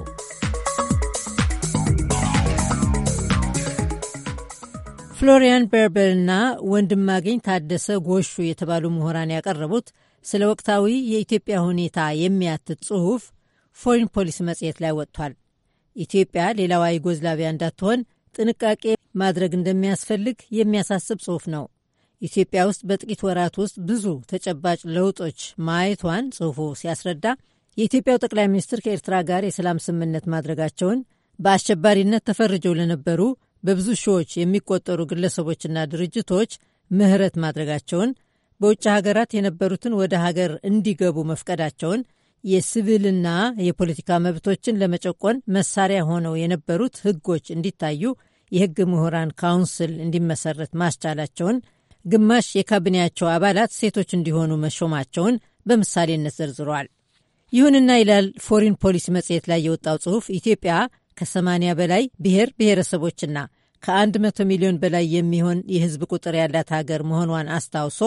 ፍሎሪያን በርበልና ወንድማገኝ ታደሰ ጎሹ የተባሉ ምሁራን ያቀረቡት ስለ ወቅታዊ የኢትዮጵያ ሁኔታ የሚያትት ጽሑፍ ፎሪን ፖሊሲ መጽሔት ላይ ወጥቷል። ኢትዮጵያ ሌላዋ ዩጎዝላቪያ እንዳትሆን ጥንቃቄ ማድረግ እንደሚያስፈልግ የሚያሳስብ ጽሑፍ ነው። ኢትዮጵያ ውስጥ በጥቂት ወራት ውስጥ ብዙ ተጨባጭ ለውጦች ማየቷን ጽሑፉ ሲያስረዳ የኢትዮጵያው ጠቅላይ ሚኒስትር ከኤርትራ ጋር የሰላም ስምምነት ማድረጋቸውን በአሸባሪነት ተፈርጀው ለነበሩ በብዙ ሺዎች የሚቆጠሩ ግለሰቦችና ድርጅቶች ምህረት ማድረጋቸውን፣ በውጭ ሀገራት የነበሩትን ወደ ሀገር እንዲገቡ መፍቀዳቸውን፣ የሲቪልና የፖለቲካ መብቶችን ለመጨቆን መሳሪያ ሆነው የነበሩት ህጎች እንዲታዩ የህግ ምሁራን ካውንስል እንዲመሰረት ማስቻላቸውን፣ ግማሽ የካቢኔያቸው አባላት ሴቶች እንዲሆኑ መሾማቸውን በምሳሌነት ዘርዝረዋል። ይሁንና ይላል ፎሪን ፖሊሲ መጽሔት ላይ የወጣው ጽሑፍ ኢትዮጵያ ከ80 በላይ ብሔር ብሔረሰቦችና ከ100 ሚሊዮን በላይ የሚሆን የህዝብ ቁጥር ያላት ሀገር መሆኗን አስታውሶ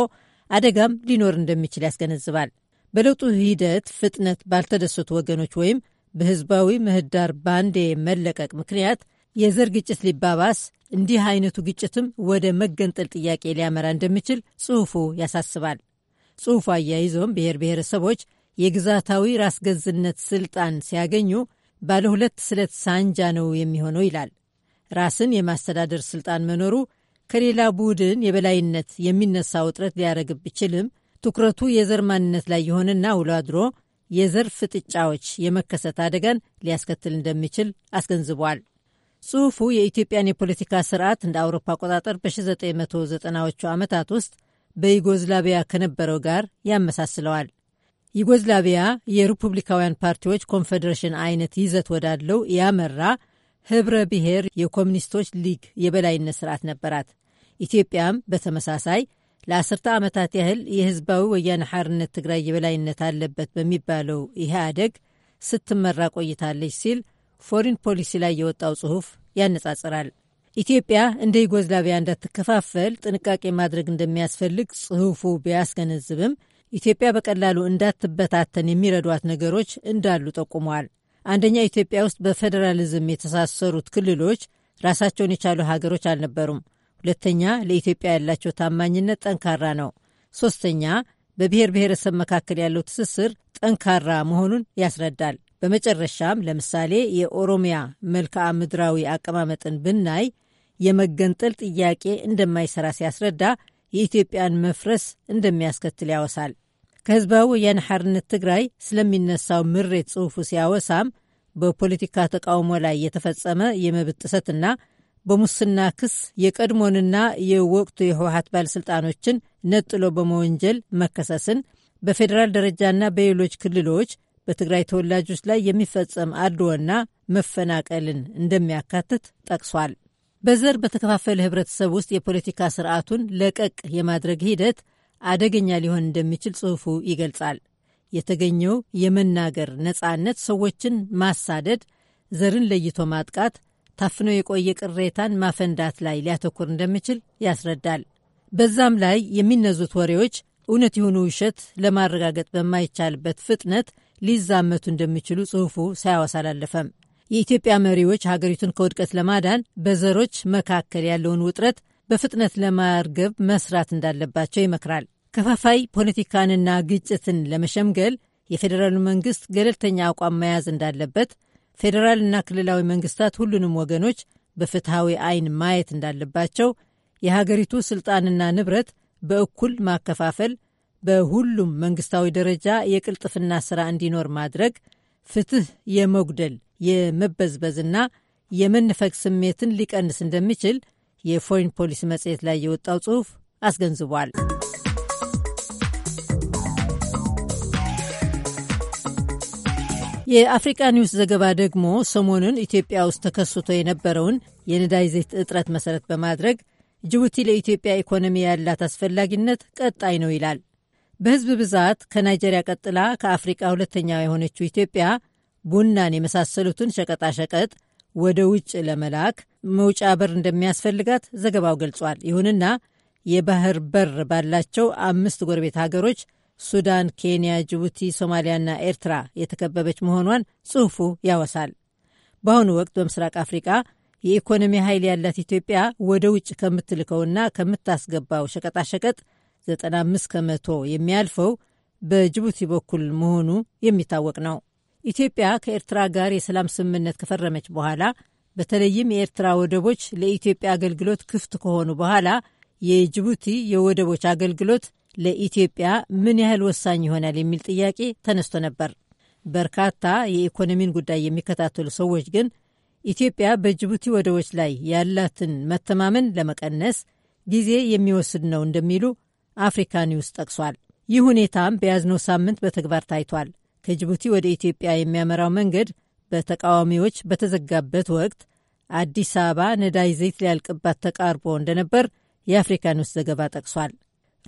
አደጋም ሊኖር እንደሚችል ያስገነዝባል። በለውጡ ሂደት ፍጥነት ባልተደሰቱ ወገኖች ወይም በህዝባዊ ምህዳር ባንዴ መለቀቅ ምክንያት የዘር ግጭት ሊባባስ፣ እንዲህ አይነቱ ግጭትም ወደ መገንጠል ጥያቄ ሊያመራ እንደሚችል ጽሑፉ ያሳስባል። ጽሑፉ አያይዞም ብሔር ብሔረሰቦች የግዛታዊ ራስ ገዝነት ስልጣን ሲያገኙ ባለ ሁለት ስለት ሳንጃ ነው የሚሆነው ይላል። ራስን የማስተዳደር ስልጣን መኖሩ ከሌላ ቡድን የበላይነት የሚነሳ ውጥረት ሊያረግብ ቢችልም ትኩረቱ የዘር ማንነት ላይ የሆነና ውሎ አድሮ የዘር ፍጥጫዎች የመከሰት አደጋን ሊያስከትል እንደሚችል አስገንዝቧል። ጽሑፉ የኢትዮጵያን የፖለቲካ ስርዓት እንደ አውሮፓ አቆጣጠር በ1990ዎቹ ዓመታት ውስጥ በዩጎዝላቪያ ከነበረው ጋር ያመሳስለዋል። ዩጎዝላቪያ የሪፑብሊካውያን ፓርቲዎች ኮንፌዴሬሽን አይነት ይዘት ወዳለው ያመራ ህብረ ብሔር የኮሚኒስቶች ሊግ የበላይነት ስርዓት ነበራት። ኢትዮጵያም በተመሳሳይ ለአስርተ ዓመታት ያህል የህዝባዊ ወያነ ሓርነት ትግራይ የበላይነት አለበት በሚባለው ኢህአደግ ስትመራ ቆይታለች ሲል ፎሪን ፖሊሲ ላይ የወጣው ጽሑፍ ያነጻጽራል። ኢትዮጵያ እንደ ዩጎዝላቪያ እንዳትከፋፈል ጥንቃቄ ማድረግ እንደሚያስፈልግ ጽሑፉ ቢያስገነዝብም ኢትዮጵያ በቀላሉ እንዳትበታተን የሚረዷት ነገሮች እንዳሉ ጠቁመዋል። አንደኛ ኢትዮጵያ ውስጥ በፌዴራሊዝም የተሳሰሩት ክልሎች ራሳቸውን የቻሉ ሀገሮች አልነበሩም። ሁለተኛ ለኢትዮጵያ ያላቸው ታማኝነት ጠንካራ ነው። ሶስተኛ በብሔር ብሔረሰብ መካከል ያለው ትስስር ጠንካራ መሆኑን ያስረዳል። በመጨረሻም ለምሳሌ የኦሮሚያ መልክዓ ምድራዊ አቀማመጥን ብናይ የመገንጠል ጥያቄ እንደማይሰራ ሲያስረዳ የኢትዮጵያን መፍረስ እንደሚያስከትል ያወሳል። ከህዝባዊ ወያነ ሓርነት ትግራይ ስለሚነሳው ምሬት ጽሑፉ ሲያወሳም በፖለቲካ ተቃውሞ ላይ የተፈጸመ የመብት ጥሰትና በሙስና ክስ የቀድሞንና የወቅቱ የህወሀት ባለሥልጣኖችን ነጥሎ በመወንጀል መከሰስን፣ በፌዴራል ደረጃና በሌሎች ክልሎች በትግራይ ተወላጆች ላይ የሚፈጸም አድልዎና መፈናቀልን እንደሚያካትት ጠቅሷል። በዘር በተከፋፈለ ህብረተሰብ ውስጥ የፖለቲካ ስርዓቱን ለቀቅ የማድረግ ሂደት አደገኛ ሊሆን እንደሚችል ጽሑፉ ይገልጻል። የተገኘው የመናገር ነጻነት ሰዎችን ማሳደድ፣ ዘርን ለይቶ ማጥቃት፣ ታፍኖ የቆየ ቅሬታን ማፈንዳት ላይ ሊያተኩር እንደሚችል ያስረዳል። በዛም ላይ የሚነዙት ወሬዎች እውነት የሆኑ ውሸት ለማረጋገጥ በማይቻልበት ፍጥነት ሊዛመቱ እንደሚችሉ ጽሑፉ ሳያወሳ አላለፈም። የኢትዮጵያ መሪዎች ሀገሪቱን ከውድቀት ለማዳን በዘሮች መካከል ያለውን ውጥረት በፍጥነት ለማርገብ መስራት እንዳለባቸው ይመክራል። ከፋፋይ ፖለቲካንና ግጭትን ለመሸምገል የፌዴራሉ መንግስት ገለልተኛ አቋም መያዝ እንዳለበት፣ ፌዴራልና ክልላዊ መንግስታት ሁሉንም ወገኖች በፍትሐዊ አይን ማየት እንዳለባቸው፣ የሀገሪቱ ስልጣንና ንብረት በእኩል ማከፋፈል፣ በሁሉም መንግስታዊ ደረጃ የቅልጥፍና ስራ እንዲኖር ማድረግ፣ ፍትህ የመጉደል የመበዝበዝና የመነፈግ ስሜትን ሊቀንስ እንደሚችል የፎሪን ፖሊሲ መጽሔት ላይ የወጣው ጽሑፍ አስገንዝቧል። የአፍሪቃ ኒውስ ዘገባ ደግሞ ሰሞኑን ኢትዮጵያ ውስጥ ተከስቶ የነበረውን የነዳጅ ዘይት እጥረት መሰረት በማድረግ ጅቡቲ ለኢትዮጵያ ኢኮኖሚ ያላት አስፈላጊነት ቀጣይ ነው ይላል። በህዝብ ብዛት ከናይጀሪያ ቀጥላ ከአፍሪቃ ሁለተኛ የሆነችው ኢትዮጵያ ቡናን የመሳሰሉትን ሸቀጣሸቀጥ ወደ ውጭ ለመላክ መውጫ በር እንደሚያስፈልጋት ዘገባው ገልጿል። ይሁንና የባህር በር ባላቸው አምስት ጎረቤት ሀገሮች ሱዳን፣ ኬንያ፣ ጅቡቲ፣ ሶማሊያና ኤርትራ የተከበበች መሆኗን ጽሑፉ ያወሳል። በአሁኑ ወቅት በምስራቅ አፍሪቃ የኢኮኖሚ ኃይል ያላት ኢትዮጵያ ወደ ውጭ ከምትልከውና ከምታስገባው ሸቀጣሸቀጥ 95 ከመቶ የሚያልፈው በጅቡቲ በኩል መሆኑ የሚታወቅ ነው። ኢትዮጵያ ከኤርትራ ጋር የሰላም ስምምነት ከፈረመች በኋላ በተለይም የኤርትራ ወደቦች ለኢትዮጵያ አገልግሎት ክፍት ከሆኑ በኋላ የጅቡቲ የወደቦች አገልግሎት ለኢትዮጵያ ምን ያህል ወሳኝ ይሆናል የሚል ጥያቄ ተነስቶ ነበር። በርካታ የኢኮኖሚን ጉዳይ የሚከታተሉ ሰዎች ግን ኢትዮጵያ በጅቡቲ ወደቦች ላይ ያላትን መተማመን ለመቀነስ ጊዜ የሚወስድ ነው እንደሚሉ አፍሪካ ኒውስ ጠቅሷል። ይህ ሁኔታም በያዝነው ሳምንት በተግባር ታይቷል። ከጅቡቲ ወደ ኢትዮጵያ የሚያመራው መንገድ በተቃዋሚዎች በተዘጋበት ወቅት አዲስ አበባ ነዳጅ ዘይት ሊያልቅባት ተቃርቦ እንደነበር የአፍሪካ ኒውስ ዘገባ ጠቅሷል።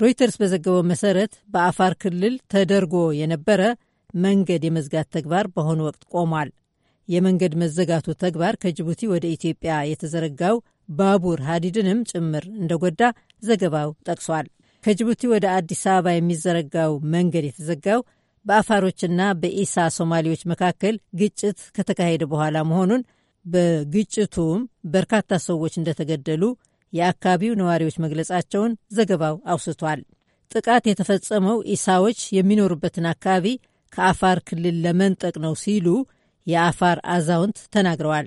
ሮይተርስ በዘገበው መሰረት በአፋር ክልል ተደርጎ የነበረ መንገድ የመዝጋት ተግባር በአሁኑ ወቅት ቆሟል። የመንገድ መዘጋቱ ተግባር ከጅቡቲ ወደ ኢትዮጵያ የተዘረጋው ባቡር ሀዲድንም ጭምር እንደጎዳ ዘገባው ጠቅሷል። ከጅቡቲ ወደ አዲስ አበባ የሚዘረጋው መንገድ የተዘጋው በአፋሮችና በኢሳ ሶማሌዎች መካከል ግጭት ከተካሄደ በኋላ መሆኑን በግጭቱም በርካታ ሰዎች እንደተገደሉ የአካባቢው ነዋሪዎች መግለጻቸውን ዘገባው አውስቷል። ጥቃት የተፈጸመው ኢሳዎች የሚኖሩበትን አካባቢ ከአፋር ክልል ለመንጠቅ ነው ሲሉ የአፋር አዛውንት ተናግረዋል።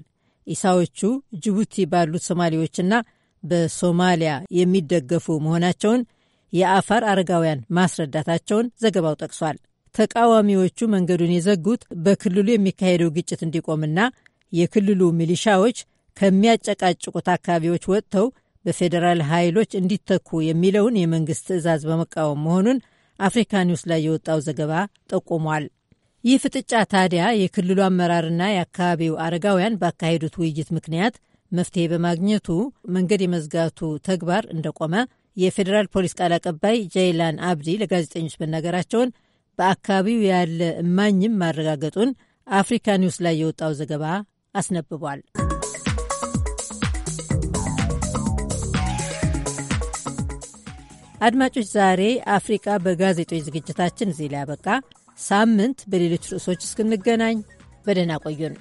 ኢሳዎቹ ጅቡቲ ባሉት ሶማሌዎችና በሶማሊያ የሚደገፉ መሆናቸውን የአፋር አረጋውያን ማስረዳታቸውን ዘገባው ጠቅሷል። ተቃዋሚዎቹ መንገዱን የዘጉት በክልሉ የሚካሄደው ግጭት እንዲቆምና የክልሉ ሚሊሻዎች ከሚያጨቃጭቁት አካባቢዎች ወጥተው በፌዴራል ኃይሎች እንዲተኩ የሚለውን የመንግስት ትዕዛዝ በመቃወም መሆኑን አፍሪካ ኒውስ ላይ የወጣው ዘገባ ጠቁሟል። ይህ ፍጥጫ ታዲያ የክልሉ አመራርና የአካባቢው አረጋውያን ባካሄዱት ውይይት ምክንያት መፍትሄ በማግኘቱ መንገድ የመዝጋቱ ተግባር እንደቆመ የፌዴራል ፖሊስ ቃል አቀባይ ጀይላን አብዲ ለጋዜጠኞች መናገራቸውን በአካባቢው ያለ እማኝም ማረጋገጡን አፍሪካ ኒውስ ላይ የወጣው ዘገባ አስነብቧል። አድማጮች፣ ዛሬ አፍሪቃ በጋዜጦች ዝግጅታችን እዚህ ላይ ያበቃ። ሳምንት በሌሎች ርዕሶች እስክንገናኝ በደህና ቆዩን።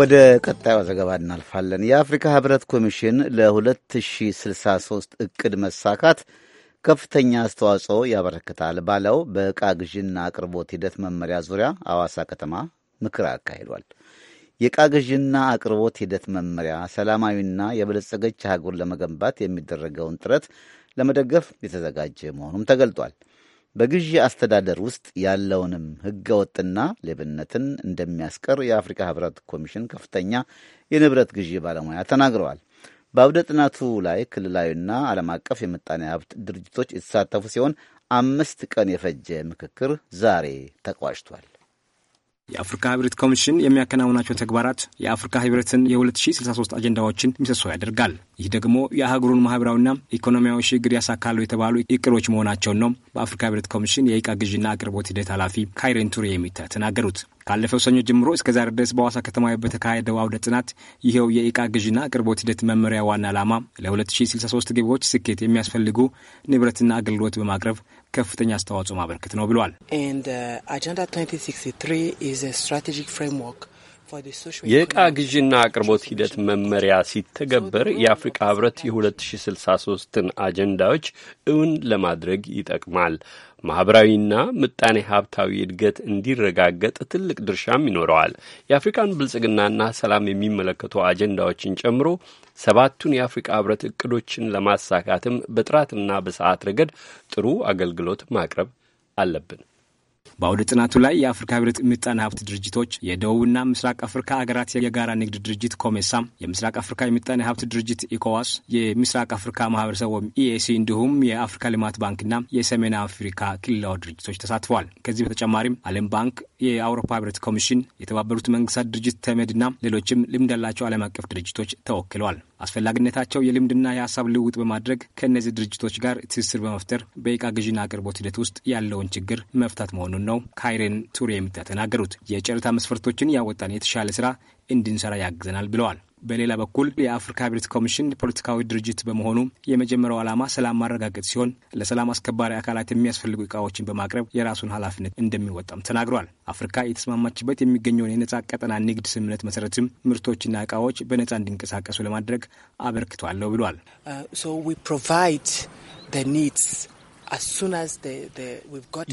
ወደ ቀጣዩ ዘገባ እናልፋለን። የአፍሪካ ህብረት ኮሚሽን ለ2063 እቅድ መሳካት ከፍተኛ አስተዋጽኦ ያበረክታል ባለው በዕቃ ግዥና አቅርቦት ሂደት መመሪያ ዙሪያ አዋሳ ከተማ ምክር አካሂዷል። የዕቃ ግዥና አቅርቦት ሂደት መመሪያ ሰላማዊና የበለጸገች አህጉር ለመገንባት የሚደረገውን ጥረት ለመደገፍ የተዘጋጀ መሆኑም ተገልጧል። በግዢ አስተዳደር ውስጥ ያለውንም ህገወጥና ሌብነትን እንደሚያስቀር የአፍሪካ ህብረት ኮሚሽን ከፍተኛ የንብረት ግዢ ባለሙያ ተናግረዋል። በአውደ ጥናቱ ላይ ክልላዊና ዓለም አቀፍ የምጣኔ ሀብት ድርጅቶች የተሳተፉ ሲሆን አምስት ቀን የፈጀ ምክክር ዛሬ ተቋጭቷል። የአፍሪካ ህብረት ኮሚሽን የሚያከናውናቸው ተግባራት የአፍሪካ ህብረትን የ2063 አጀንዳዎችን ሚሰሶ ያደርጋል። ይህ ደግሞ የአህጉሩን ማህበራዊና ኢኮኖሚያዊ ሽግግር ያሳካሉ የተባሉ እቅዶች መሆናቸውን ነው በአፍሪካ ህብረት ኮሚሽን የእቃ ግዥና አቅርቦት ሂደት ኃላፊ ካይሬን ቱሪ የሚታ ተናገሩት። ካለፈው ሰኞ ጀምሮ እስከ ዛሬ ድረስ በሐዋሳ ከተማ በተካሄደው አውደ ጥናት ይኸው የእቃ ግዥና አቅርቦት ሂደት መመሪያ ዋና ዓላማ ለ2063 ግቦች ስኬት የሚያስፈልጉ ንብረትና አገልግሎት በማቅረብ ከፍተኛ አስተዋጽኦ ማበርከት ነው ብሏል። uh, የዕቃ ግዥና አቅርቦት ሂደት መመሪያ ሲተገበር የአፍሪቃ ህብረት የ2063ን አጀንዳዎች እውን ለማድረግ ይጠቅማል። ማኅበራዊና ምጣኔ ሀብታዊ እድገት እንዲረጋገጥ ትልቅ ድርሻም ይኖረዋል። የአፍሪካን ብልጽግናና ሰላም የሚመለከቱ አጀንዳዎችን ጨምሮ ሰባቱን የአፍሪካ ህብረት እቅዶችን ለማሳካትም በጥራትና በሰዓት ረገድ ጥሩ አገልግሎት ማቅረብ አለብን። በአውደ ጥናቱ ላይ የአፍሪካ ህብረት ምጣኔ ሀብት ድርጅቶች፣ የደቡብና ምስራቅ አፍሪካ ሀገራት የጋራ ንግድ ድርጅት ኮሜሳ፣ የምስራቅ አፍሪካ የምጣኔ ሀብት ድርጅት ኢኮዋስ፣ የምስራቅ አፍሪካ ማህበረሰብ ወይም ኢኤሲ እንዲሁም የአፍሪካ ልማት ባንክና የሰሜን አፍሪካ ክልላዊ ድርጅቶች ተሳትፈዋል። ከዚህ በተጨማሪም ዓለም ባንክ፣ የአውሮፓ ህብረት ኮሚሽን፣ የተባበሩት መንግስታት ድርጅት ተመድና ሌሎችም ልምድ ያላቸው ዓለም አቀፍ ድርጅቶች ተወክለዋል። አስፈላጊነታቸው የልምድና የሀሳብ ልውውጥ በማድረግ ከእነዚህ ድርጅቶች ጋር ትስስር በመፍጠር በእቃ ግዥና አቅርቦት ሂደት ውስጥ ያለውን ችግር መፍታት መሆኑን መሆኑን ነው ካይሬን ቱሬ የምታ ተናገሩት። የጨረታ መስፈርቶችን ያወጣን የተሻለ ስራ እንድንሰራ ያግዘናል ብለዋል። በሌላ በኩል የአፍሪካ ህብረት ኮሚሽን ፖለቲካዊ ድርጅት በመሆኑ የመጀመሪያው ዓላማ ሰላም ማረጋገጥ ሲሆን ለሰላም አስከባሪ አካላት የሚያስፈልጉ እቃዎችን በማቅረብ የራሱን ኃላፊነት እንደሚወጣም ተናግሯል። አፍሪካ የተስማማችበት የሚገኘውን የነጻ ቀጠና ንግድ ስምምነት መሰረትም ምርቶችና እቃዎች በነጻ እንዲንቀሳቀሱ ለማድረግ አበርክቷለሁ ብሏል። uh,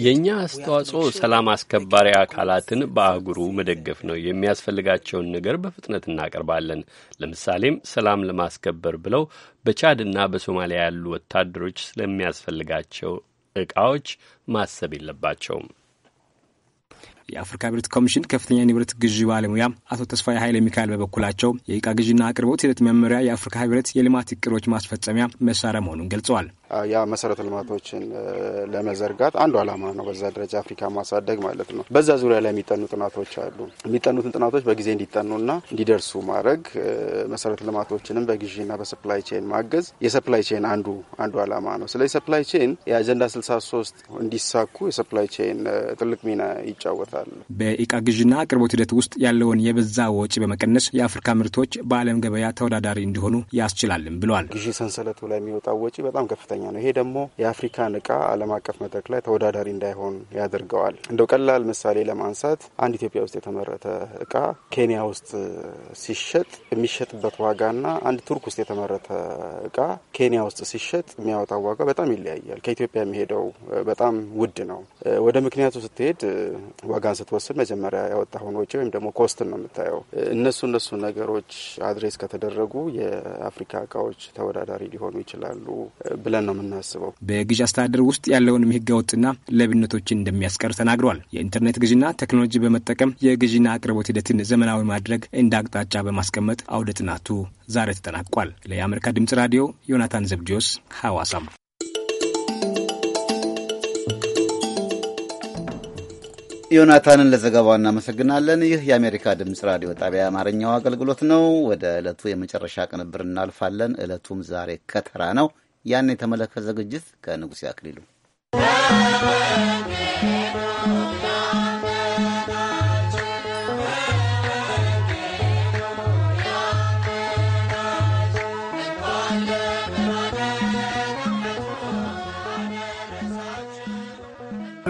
የእኛ አስተዋጽኦ ሰላም አስከባሪ አካላትን በአህጉሩ መደገፍ ነው። የሚያስፈልጋቸውን ነገር በፍጥነት እናቀርባለን። ለምሳሌም ሰላም ለማስከበር ብለው በቻድና በሶማሊያ ያሉ ወታደሮች ስለሚያስፈልጋቸው እቃዎች ማሰብ የለባቸውም። የአፍሪካ ህብረት ኮሚሽን ከፍተኛ ንብረት ግዢ ባለሙያ አቶ ተስፋዬ ኃይለ ሚካኤል በበኩላቸው የእቃ ግዢና አቅርቦት ሂደት መመሪያ የአፍሪካ ህብረት የልማት እቅዶች ማስፈጸሚያ መሳሪያ መሆኑን ገልጸዋል። ያ መሰረተ ልማቶችን ለመዘርጋት አንዱ አላማ ነው። በዛ ደረጃ አፍሪካ ማሳደግ ማለት ነው። በዛ ዙሪያ ላይ የሚጠኑ ጥናቶች አሉ። የሚጠኑትን ጥናቶች በጊዜ እንዲጠኑና እንዲደርሱ ማድረግ፣ መሰረተ ልማቶችንም በግዢና በሰፕላይ ቼን ማገዝ የሰፕላይ ቼን አንዱ አንዱ ዓላማ ነው። ስለዚህ ሰፕላይ ቼን የአጀንዳ 63 እንዲሳኩ የሰፕላይ ቼን ትልቅ ሚና ይጫወታል። በእቃ ግዢና አቅርቦት ሂደት ውስጥ ያለውን የበዛ ወጪ በመቀነስ የአፍሪካ ምርቶች በዓለም ገበያ ተወዳዳሪ እንዲሆኑ ያስችላልም ብለዋል። ግዢ ሰንሰለቱ ላይ የሚወጣው ወጪ በጣም ከፍተኛ ዝቅተኛ ነው። ይሄ ደግሞ የአፍሪካን እቃ ዓለም አቀፍ መድረክ ላይ ተወዳዳሪ እንዳይሆን ያደርገዋል። እንደው ቀላል ምሳሌ ለማንሳት አንድ ኢትዮጵያ ውስጥ የተመረተ እቃ ኬንያ ውስጥ ሲሸጥ የሚሸጥበት ዋጋና አንድ ቱርክ ውስጥ የተመረተ እቃ ኬንያ ውስጥ ሲሸጥ የሚያወጣው ዋጋ በጣም ይለያያል። ከኢትዮጵያ የሚሄደው በጣም ውድ ነው። ወደ ምክንያቱ ስትሄድ ዋጋን ስትወስድ መጀመሪያ ያወጣውን ወጪ ወይም ደግሞ ኮስትን ነው የምታየው። እነሱ እነሱ ነገሮች አድሬስ ከተደረጉ የአፍሪካ እቃዎች ተወዳዳሪ ሊሆኑ ይችላሉ ብለን ነው የምናስበው። በግዢ አስተዳደር ውስጥ ያለውንም ህገወጥና ለብነቶችን እንደሚያስቀር ተናግረዋል። የኢንተርኔት ግዢና ቴክኖሎጂ በመጠቀም የግዢና አቅርቦት ሂደትን ዘመናዊ ማድረግ እንደ አቅጣጫ በማስቀመጥ አውደ ጥናቱ ዛሬ ተጠናቋል። ለአሜሪካ ድምጽ ራዲዮ ዮናታን ዘብዲዮስ ሐዋሳም ዮናታንን ለዘገባው እናመሰግናለን። ይህ የአሜሪካ ድምፅ ራዲዮ ጣቢያ የአማርኛው አገልግሎት ነው። ወደ ዕለቱ የመጨረሻ ቅንብር እናልፋለን። ዕለቱም ዛሬ ከተራ ነው። ያን የተመለከተ ዝግጅት ከንጉሴ አክሊሉ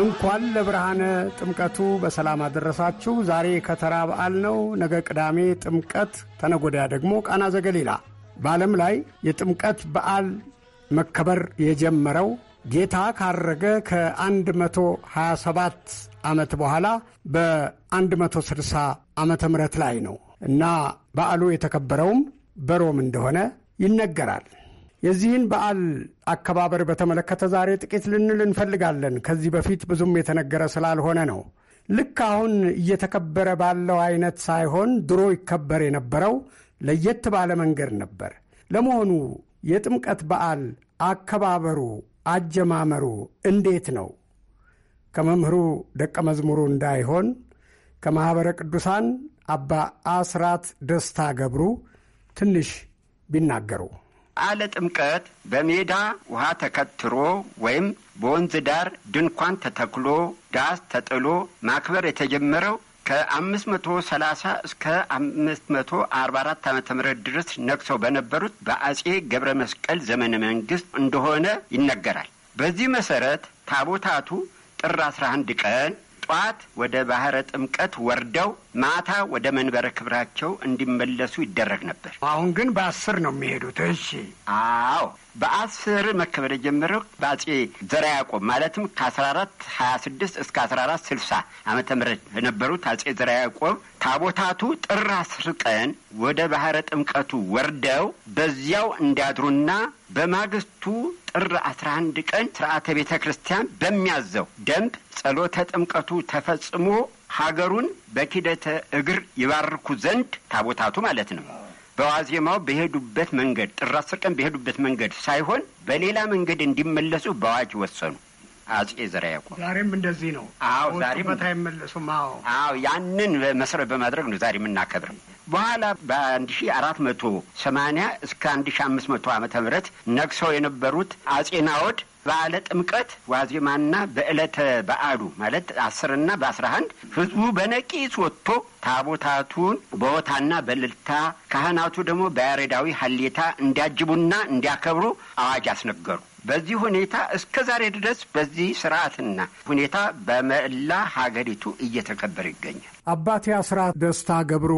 እንኳን ለብርሃነ ጥምቀቱ በሰላም አደረሳችሁ። ዛሬ ከተራ በዓል ነው። ነገ ቅዳሜ ጥምቀት፣ ተነጎዳያ ደግሞ ቃና ዘገሊላ። በዓለም ላይ የጥምቀት በዓል መከበር የጀመረው ጌታ ካረገ ከ127 ዓመት በኋላ በ160 ዓመተ ምህረት ላይ ነው እና በዓሉ የተከበረውም በሮም እንደሆነ ይነገራል። የዚህን በዓል አከባበር በተመለከተ ዛሬ ጥቂት ልንል እንፈልጋለን። ከዚህ በፊት ብዙም የተነገረ ስላልሆነ ነው። ልክ አሁን እየተከበረ ባለው አይነት ሳይሆን ድሮ ይከበር የነበረው ለየት ባለ መንገድ ነበር። ለመሆኑ የጥምቀት በዓል አከባበሩ አጀማመሩ እንዴት ነው? ከመምህሩ ደቀ መዝሙሩ እንዳይሆን ከማኅበረ ቅዱሳን አባ አስራት ደስታ ገብሩ ትንሽ ቢናገሩ። በዓለ ጥምቀት በሜዳ ውሃ ተከትሮ ወይም በወንዝ ዳር ድንኳን ተተክሎ ዳስ ተጥሎ ማክበር የተጀመረው ከ ሰላሳ እስከ አራት ዓመተ ምህረት ድረስ ነግሰው በነበሩት በአጼ ገብረ መስቀል ዘመነ መንግስት እንደሆነ ይነገራል። በዚህ መሰረት ታቦታቱ ጥር 11 ቀን ጠዋት ወደ ባህረ ጥምቀት ወርደው ማታ ወደ መንበረ ክብራቸው እንዲመለሱ ይደረግ ነበር። አሁን ግን በአስር ነው የሚሄዱት። እሺ። አዎ በአስር መከበር የጀመረው በአጼ ዘርዓ ያዕቆብ ማለትም ከአስራ አራት ሀያ ስድስት እስከ አስራ አራት ስልሳ ዓመተ ምህረት የነበሩት አጼ ዘርዓ ያዕቆብ ታቦታቱ ጥር አስር ቀን ወደ ባህረ ጥምቀቱ ወርደው በዚያው እንዲያድሩና በማግስቱ ጥር አስራ አንድ ቀን ስርዓተ ቤተ ክርስቲያን በሚያዘው ደንብ ጸሎተ ጥምቀቱ ተፈጽሞ ሀገሩን በኪደተ እግር ይባርኩ ዘንድ ታቦታቱ ማለት ነው በዋዜማው በሄዱበት መንገድ ጥር አስር ቀን በሄዱበት መንገድ ሳይሆን በሌላ መንገድ እንዲመለሱ በአዋጅ ወሰኑ። አጼ ዘርዓ ያዕቆብ ዛሬም እንደዚህ ነው። አዎ ዛሬ ቦታ አይመለሱም። አዎ አዎ፣ ያንን መሰረት በማድረግ ነው ዛሬ የምናከብረው። በኋላ በ1480 እስከ 1500 ዓ ም ነግሰው የነበሩት አጼ ናዖድ ጥምቀት ዋዜማና በእለተ በዓሉ ማለት አስርና በአስራ አንድ ህዝቡ በነቂ ወጥቶ ታቦታቱን በወታና በእልልታ ካህናቱ ደግሞ በያሬዳዊ ሀሌታ እንዲያጅቡና እንዲያከብሩ አዋጅ አስነገሩ። በዚህ ሁኔታ እስከ ዛሬ ድረስ በዚህ ስርዓትና ሁኔታ በመላ ሀገሪቱ እየተከበረ ይገኛል። አባቴ አስራት ደስታ ገብሩ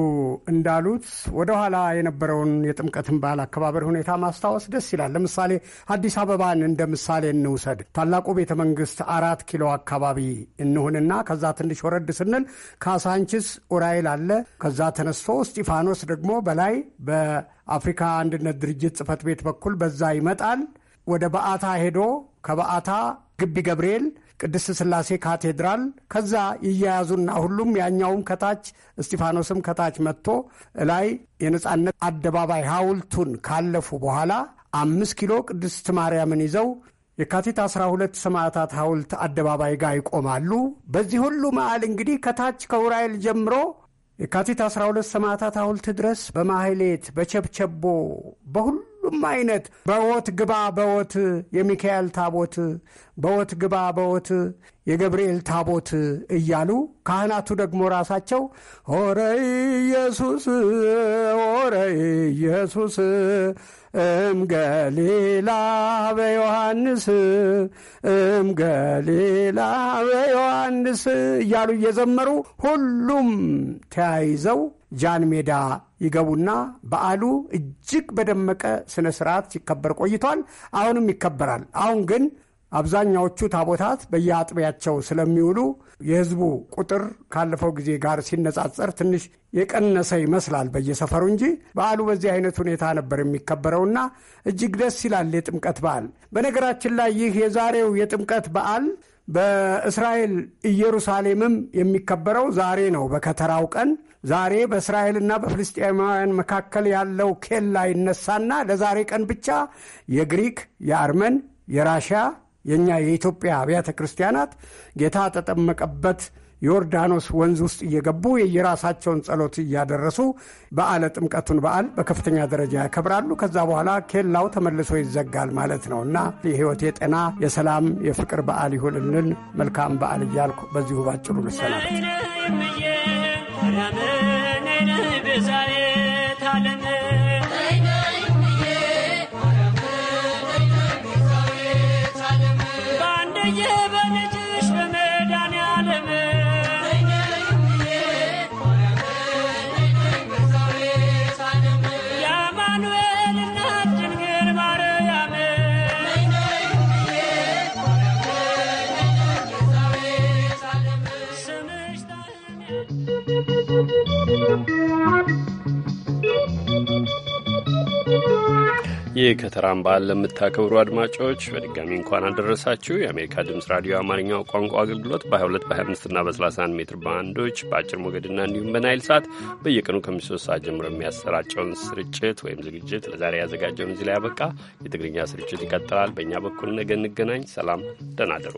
እንዳሉት ወደኋላ የነበረውን የጥምቀትን በዓል አከባበር ሁኔታ ማስታወስ ደስ ይላል። ለምሳሌ አዲስ አበባን እንደ ምሳሌ እንውሰድ። ታላቁ ቤተ መንግስት አራት ኪሎ አካባቢ እንሁንና ከዛ ትንሽ ወረድ ስንል ካሳንችስ ኡራኤል አለ። ከዛ ተነስቶ እስጢፋኖስ ደግሞ በላይ በአፍሪካ አንድነት ድርጅት ጽህፈት ቤት በኩል በዛ ይመጣል። ወደ በዓታ ሄዶ ከበዓታ ግቢ ገብርኤል ቅድስት ስላሴ ካቴድራል ከዛ ይያያዙና ሁሉም ያኛውም ከታች እስጢፋኖስም ከታች መጥቶ ላይ የነጻነት አደባባይ ሐውልቱን ካለፉ በኋላ አምስት ኪሎ ቅድስት ማርያምን ይዘው የካቲት 12 ሰማዕታት ሐውልት አደባባይ ጋር ይቆማሉ። በዚህ ሁሉ መዓል እንግዲህ ከታች ከውራይል ጀምሮ የካቲት 12 ሰማዕታት ሐውልት ድረስ በማህሌት በቸብቸቦ በሁሉ ሁሉም አይነት በወት ግባ በወት የሚካኤል ታቦት፣ በወት ግባ በወት የገብርኤል ታቦት እያሉ ካህናቱ ደግሞ ራሳቸው ኦረ ኢየሱስ ኦረ ኢየሱስ እምገሊላ በዮሐንስ እምገሊላ በዮሐንስ እያሉ እየዘመሩ ሁሉም ተያይዘው ጃን ሜዳ ይገቡና በዓሉ እጅግ በደመቀ ስነ ስርዓት ሲከበር ቆይቷል። አሁንም ይከበራል። አሁን ግን አብዛኛዎቹ ታቦታት በየአጥቢያቸው ስለሚውሉ የህዝቡ ቁጥር ካለፈው ጊዜ ጋር ሲነጻጸር ትንሽ የቀነሰ ይመስላል በየሰፈሩ እንጂ በዓሉ በዚህ አይነት ሁኔታ ነበር የሚከበረውና እጅግ ደስ ይላል የጥምቀት በዓል። በነገራችን ላይ ይህ የዛሬው የጥምቀት በዓል በእስራኤል ኢየሩሳሌምም የሚከበረው ዛሬ ነው በከተራው ቀን ዛሬ በእስራኤልና በፍልስጤማውያን መካከል ያለው ኬላ ይነሳና ለዛሬ ቀን ብቻ የግሪክ፣ የአርመን፣ የራሽያ፣ የእኛ የኢትዮጵያ አብያተ ክርስቲያናት ጌታ ተጠመቀበት ዮርዳኖስ ወንዝ ውስጥ እየገቡ የየራሳቸውን ጸሎት እያደረሱ በዓለ ጥምቀቱን በዓል በከፍተኛ ደረጃ ያከብራሉ። ከዛ በኋላ ኬላው ተመልሶ ይዘጋል ማለት ነው እና የሕይወት የጤና የሰላም የፍቅር በዓል ይሁንልን። መልካም በዓል እያልኩ በዚሁ ባጭሩ ልሰናበት። ለምን ብዛይ ይህ ከተራም በዓል ለምታከብሩ አድማጮች በድጋሚ እንኳን አደረሳችሁ። የአሜሪካ ድምፅ ራዲዮ አማርኛው ቋንቋ አገልግሎት በ22 በ25ና በ31 ሜትር ባንዶች በአጭር ሞገድና እንዲሁም በናይል ሰዓት በየቀኑ ከምሽቱ ሶስት ሰዓት ጀምሮ የሚያሰራጨውን ስርጭት ወይም ዝግጅት ለዛሬ ያዘጋጀውን እዚህ ላይ ያበቃ። የትግርኛ ስርጭት ይቀጥላል። በእኛ በኩል ነገ እንገናኝ። ሰላም፣ ደህና እደሩ።